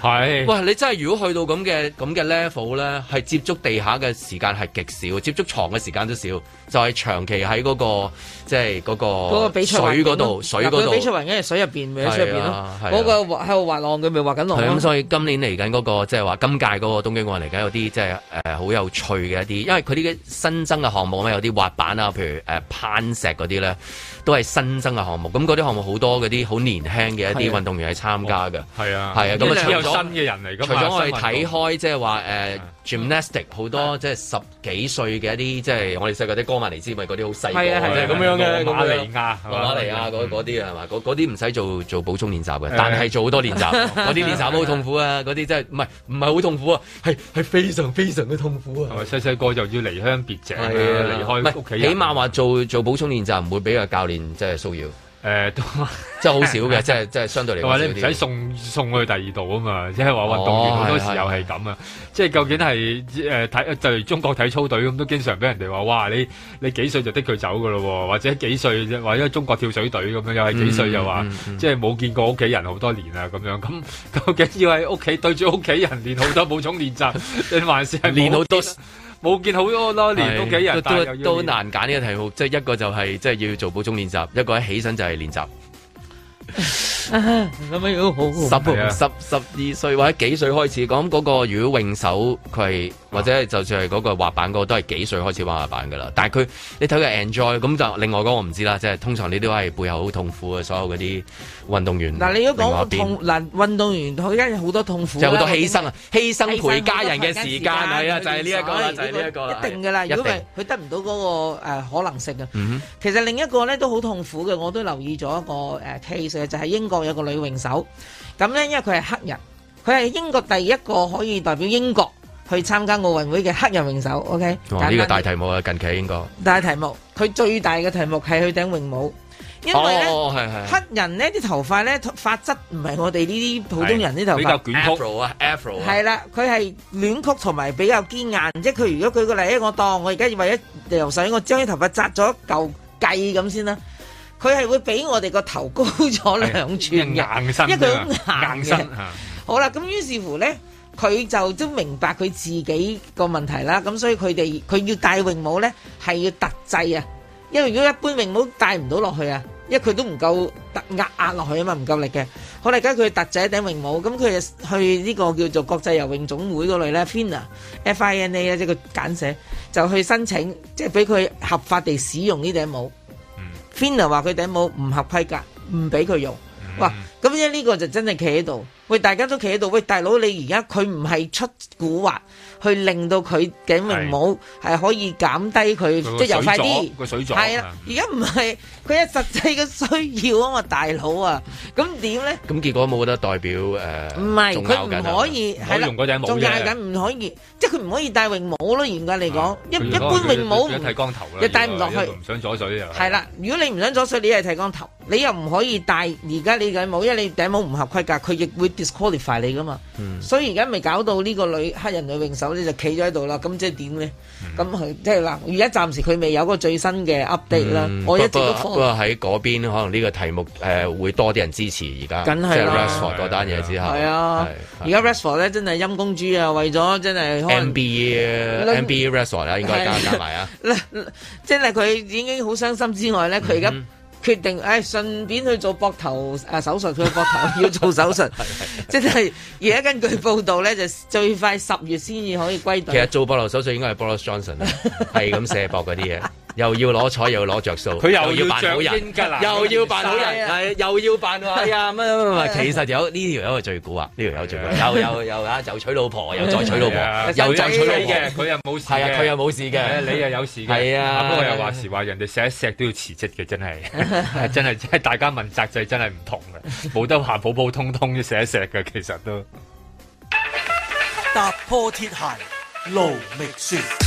係， 喂，你真係如果去到咁嘅咁嘅 level 咧，係接觸地下嘅時間係極少，接觸床嘅時間都少。就係、是、長期喺嗰、那個即係嗰個水嗰度、那個，水嗰度。嗱佢比賽環境水入邊，咪喺出嗰個喺度滑浪，滑浪啊啊，佢咪滑緊浪。咁所以今年嚟緊嗰個即係話今屆嗰個東京奧運嚟緊有啲即係誒好有趣嘅一啲，因為佢啲新增嘅項目咧有啲滑板啊，譬如誒、呃、攀石嗰啲咧，都係新增嘅項目。咁嗰啲項目好多嗰啲好年輕嘅一啲運動員係參加嘅。係啊，係啊，咁啊，啊除咗除咗我睇開即 Gymnastic 好多係即係十幾歲嘅一啲，即係我哋細個啲哥曼尼斯咪嗰啲好細個嘅，哥麥利亞、哥麥利亞嗰嗰啲啊嘛，嗰啲唔使做做補充練習嘅，但係做好多練習。嗰啲練習好痛苦啊！嗰啲真係唔係唔係好痛苦啊，係係非常非常嘅痛苦啊！細細個就要離鄉別井啊，離開屋企。起碼話做做補充練習唔會俾個教練即係騷擾。誒都即係好少嘅，即係 即係相對嚟講，話你唔使送 送去第二度啊嘛，即係話運動員好多時候係咁啊！即係、嗯、究竟係誒睇就嚟中國體操隊咁都經常俾人哋話，哇！你你幾歲就逼佢走㗎咯？或者幾歲啫？或者中國跳水隊咁樣、嗯、又係幾歲就話、嗯嗯，即係冇見過屋企人好多年啊咁樣。咁究竟要喺屋企對住屋企人練好多 種練習，你還是係練好多？練冇見好多咯，連屋企人都都,都難揀呢個題目，即係、就是、一個就係即係要做補充練習，一個喺起身就係練習。 十十十二歲或者幾歲開始講嗰個如果泳手佢係或者就算係嗰個滑板嗰個都係幾歲開始玩滑板噶啦，但係佢你睇佢 enjoy 咁就另外講我唔知啦，即係通常呢啲係背後好痛苦嘅所有嗰啲運動員嗱你要講我痛嗱運動員佢而家有好多痛苦，就好多犧牲啊，犧牲陪家人嘅時間係啊，就係呢一個就係呢一個一定噶啦，如果佢得唔到嗰個誒可能性啊、嗯，其實另一個咧都好痛苦嘅，我都留意咗一個誒 case 就係英有個女泳手，咁咧因為佢係黑人，佢係英國第一個可以代表英國去參加奧運會嘅黑人泳手。O K。呢個大題目啊，近期英國，大題目，佢最大嘅題目係去頂泳帽，因為咧黑人咧啲頭髮咧髮質唔係我哋呢啲普通人啲頭髮，比較捲曲啊，Afro 啊，係啦，佢係捲曲同埋比較堅硬，即係佢如果舉個例，我當我而家為咗游水，我將啲頭髮紮咗嚿髻咁先啦。佢係會俾我哋個頭高咗兩寸嘅、啊，因為佢硬硬身、啊、好啦，咁於是乎咧，佢就都明白佢自己個問題啦。咁所以佢哋，佢要戴泳帽咧，係要特製啊。因為如果一般泳帽戴唔到落去啊，因為佢都唔夠壓壓落去啊嘛，唔夠力嘅。好啦，而家佢特製一頂泳帽，咁佢就去呢個叫做國際游泳總會嗰類咧，FINA，F I N A 即係個簡寫，就去申請，即係俾佢合法地使用呢頂帽。Finer 話佢頂帽唔合規格，唔俾佢用。哇！咁呢個就真係企喺度。喂，大家都企喺度。喂，大佬你而家佢唔係出古惑？去令到佢頂泳帽係可以減低佢即係游快啲。個水阻係啦，而家唔係佢有實際嘅需要啊嘛， 大佬啊，咁點咧？咁結果冇得代表誒？唔、呃、係，佢唔可以係啦，仲拗緊，緊，唔可以，可以可以即係佢唔可以戴泳帽咯。嚴格嚟講，一一般泳帽唔剃光頭戴唔落去。唔想左水啊？係啦，如果你唔想左水，你係剃光頭，你又唔可以戴而家你嘅帽，因為你頂帽唔合規格，佢亦會 disqualify 你噶嘛。嗯。所以而家咪搞到呢個女黑人女泳手。你就企咗喺度啦，咁即係點咧？咁、嗯、佢即係話，而家暫時佢未有個最新嘅 update 啦。我一直都不過喺嗰邊，可能呢個題目誒、呃、會多啲人支持而家。梗係啦 Rashford 嗰單嘢之後，係啊！而家 Rashford 咧真係陰公豬啊！為咗真係可能 NBA 咧 NBA Rashford 啦、啊，應該加加埋啊！即係佢已經好傷心之外咧，佢而家。嗯決定誒順便去做膊頭誒手術，佢嘅膊頭要做手術 即係而家根據報道咧，就最快十月先至可以歸隊。其實做膊頭手術應該係 Boris Johnson 啊， 係咁射膊嗰啲嘢。又要攞彩，又要攞着數，佢又，又要扮好人，又要扮好人，係又要扮好人，係 啊乜乜乜其實有呢條有罪古啊，呢條有罪古、啊，又又 又啊，又娶老婆，又再娶老婆，啊、又再娶老婆嘅，佢又冇事，係啊，佢又冇事嘅、啊啊，你又有事嘅，係啊，啊，不過又說話時話、啊、人哋寫一寫都要辭職嘅，真係， 真係，真係，大家問責制真係唔同嘅，冇得話普普通通都寫一寫嘅， 其實都踏破鐵鞋無覓處。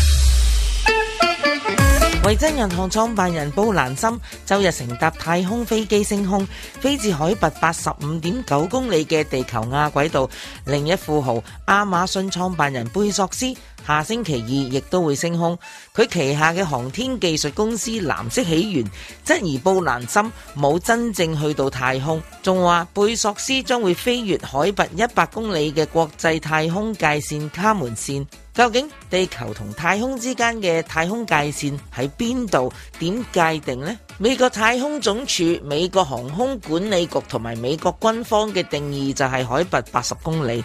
維珍銀行創辦人布蘭森周日乘搭太空飛機升空，飛至海拔八十五點九公里嘅地球亞軌道。另一富豪亞馬遜創辦人貝索斯。下星期二亦都會升空。佢旗下嘅航天技術公司藍色起源，質疑布蘭森冇真正去到太空，仲話貝索斯將會飛越海拔一百公里嘅國際太空界線卡門線。究竟地球同太空之間嘅太空界線喺邊度？點界定呢？美國太空總署、美國航空管理局同埋美國軍方嘅定義就係海拔八十公里。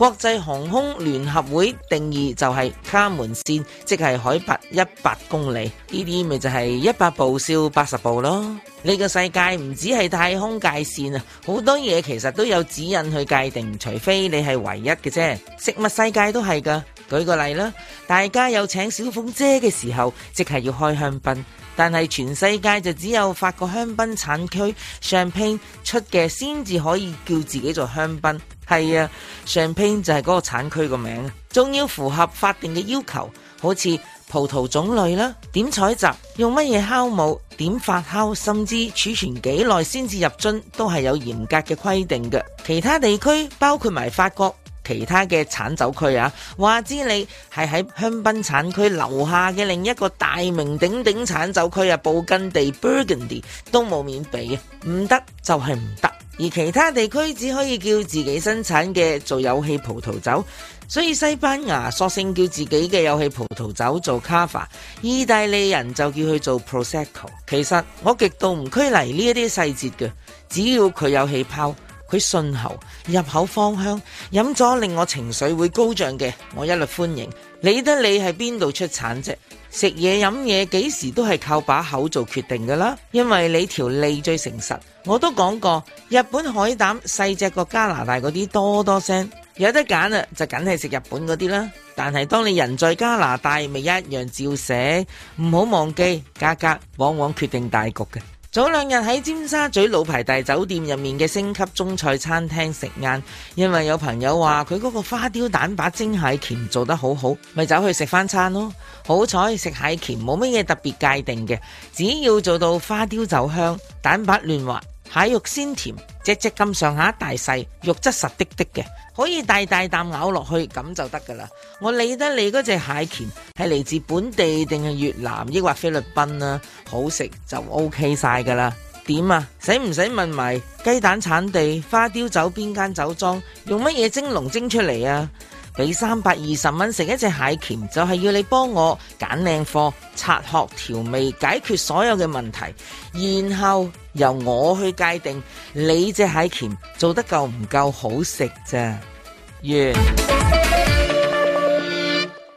國際航空聯合會定義就係卡門線，即係海拔一百公里。呢啲咪就係一百步笑八十步咯。呢個世界唔止係太空界線啊，好多嘢其實都有指引去界定，除非你係唯一嘅啫。食物世界都係噶。舉個例啦，大家有請小鳳姐嘅時候，即係要開香檳，但係全世界就只有法國香檳產區 Champagne 出嘅先至可以叫自己做香檳。係啊，香檳就係嗰個產區個名，仲要符合法定嘅要求，好似葡萄種類啦，點採集，用乜嘢酵母，點發酵，甚至儲存幾耐先至入樽，都係有嚴格嘅規定嘅。其他地區包括埋法國其他嘅產酒區啊，話知你係喺香檳產區樓下嘅另一個大名鼎鼎產酒區啊，布根地 （Burgundy） 都冇面俾啊，唔得就係唔得。而其他地區只可以叫自己生產嘅做有氣葡萄酒，所以西班牙索性叫自己嘅有氣葡萄酒做 Cava，意大利人就叫佢做 Prosecco。其實我極度唔拘泥呢一啲細節嘅，只要佢有氣泡，佢順喉，入口芳香，飲咗令我情緒會高漲嘅，我一律歡迎。理得你係邊度出產啫？食嘢飲嘢，幾時都係靠把口做決定噶啦，因為你條脷最誠實。我都講過，日本海膽細隻過加拿大嗰啲多多聲，有得揀啦，就梗係食日本嗰啲啦。但係當你人在加拿大，咪一樣照食。唔好忘記，價格往往決定大局嘅。早兩日喺尖沙咀老牌大酒店入面嘅星級中菜餐廳食晏，因為有朋友話佢嗰個花雕蛋白蒸蟹鉗做得好好，咪走去食翻餐咯。好彩食蟹鉗冇乜嘢特別界定嘅，只要做到花雕酒香，蛋白嫩滑。蟹肉鮮甜，隻隻咁上下大細，肉質實滴滴嘅，可以大大啖咬落去咁就得噶啦。我理得你嗰隻蟹鉗係嚟自本地定係越南抑或菲律賓啦，啊，好食就 OK 晒噶啦。點啊？使唔使問埋雞蛋產地、花雕酒邊間酒莊、用乜嘢蒸籠蒸出嚟啊？俾三百二十蚊食一隻蟹鉗，就係、是、要你幫我揀靚貨、拆殼、調味、解決所有嘅問題，然後，由我去界定，你隻蟹鉗做得夠唔夠好食啫。完。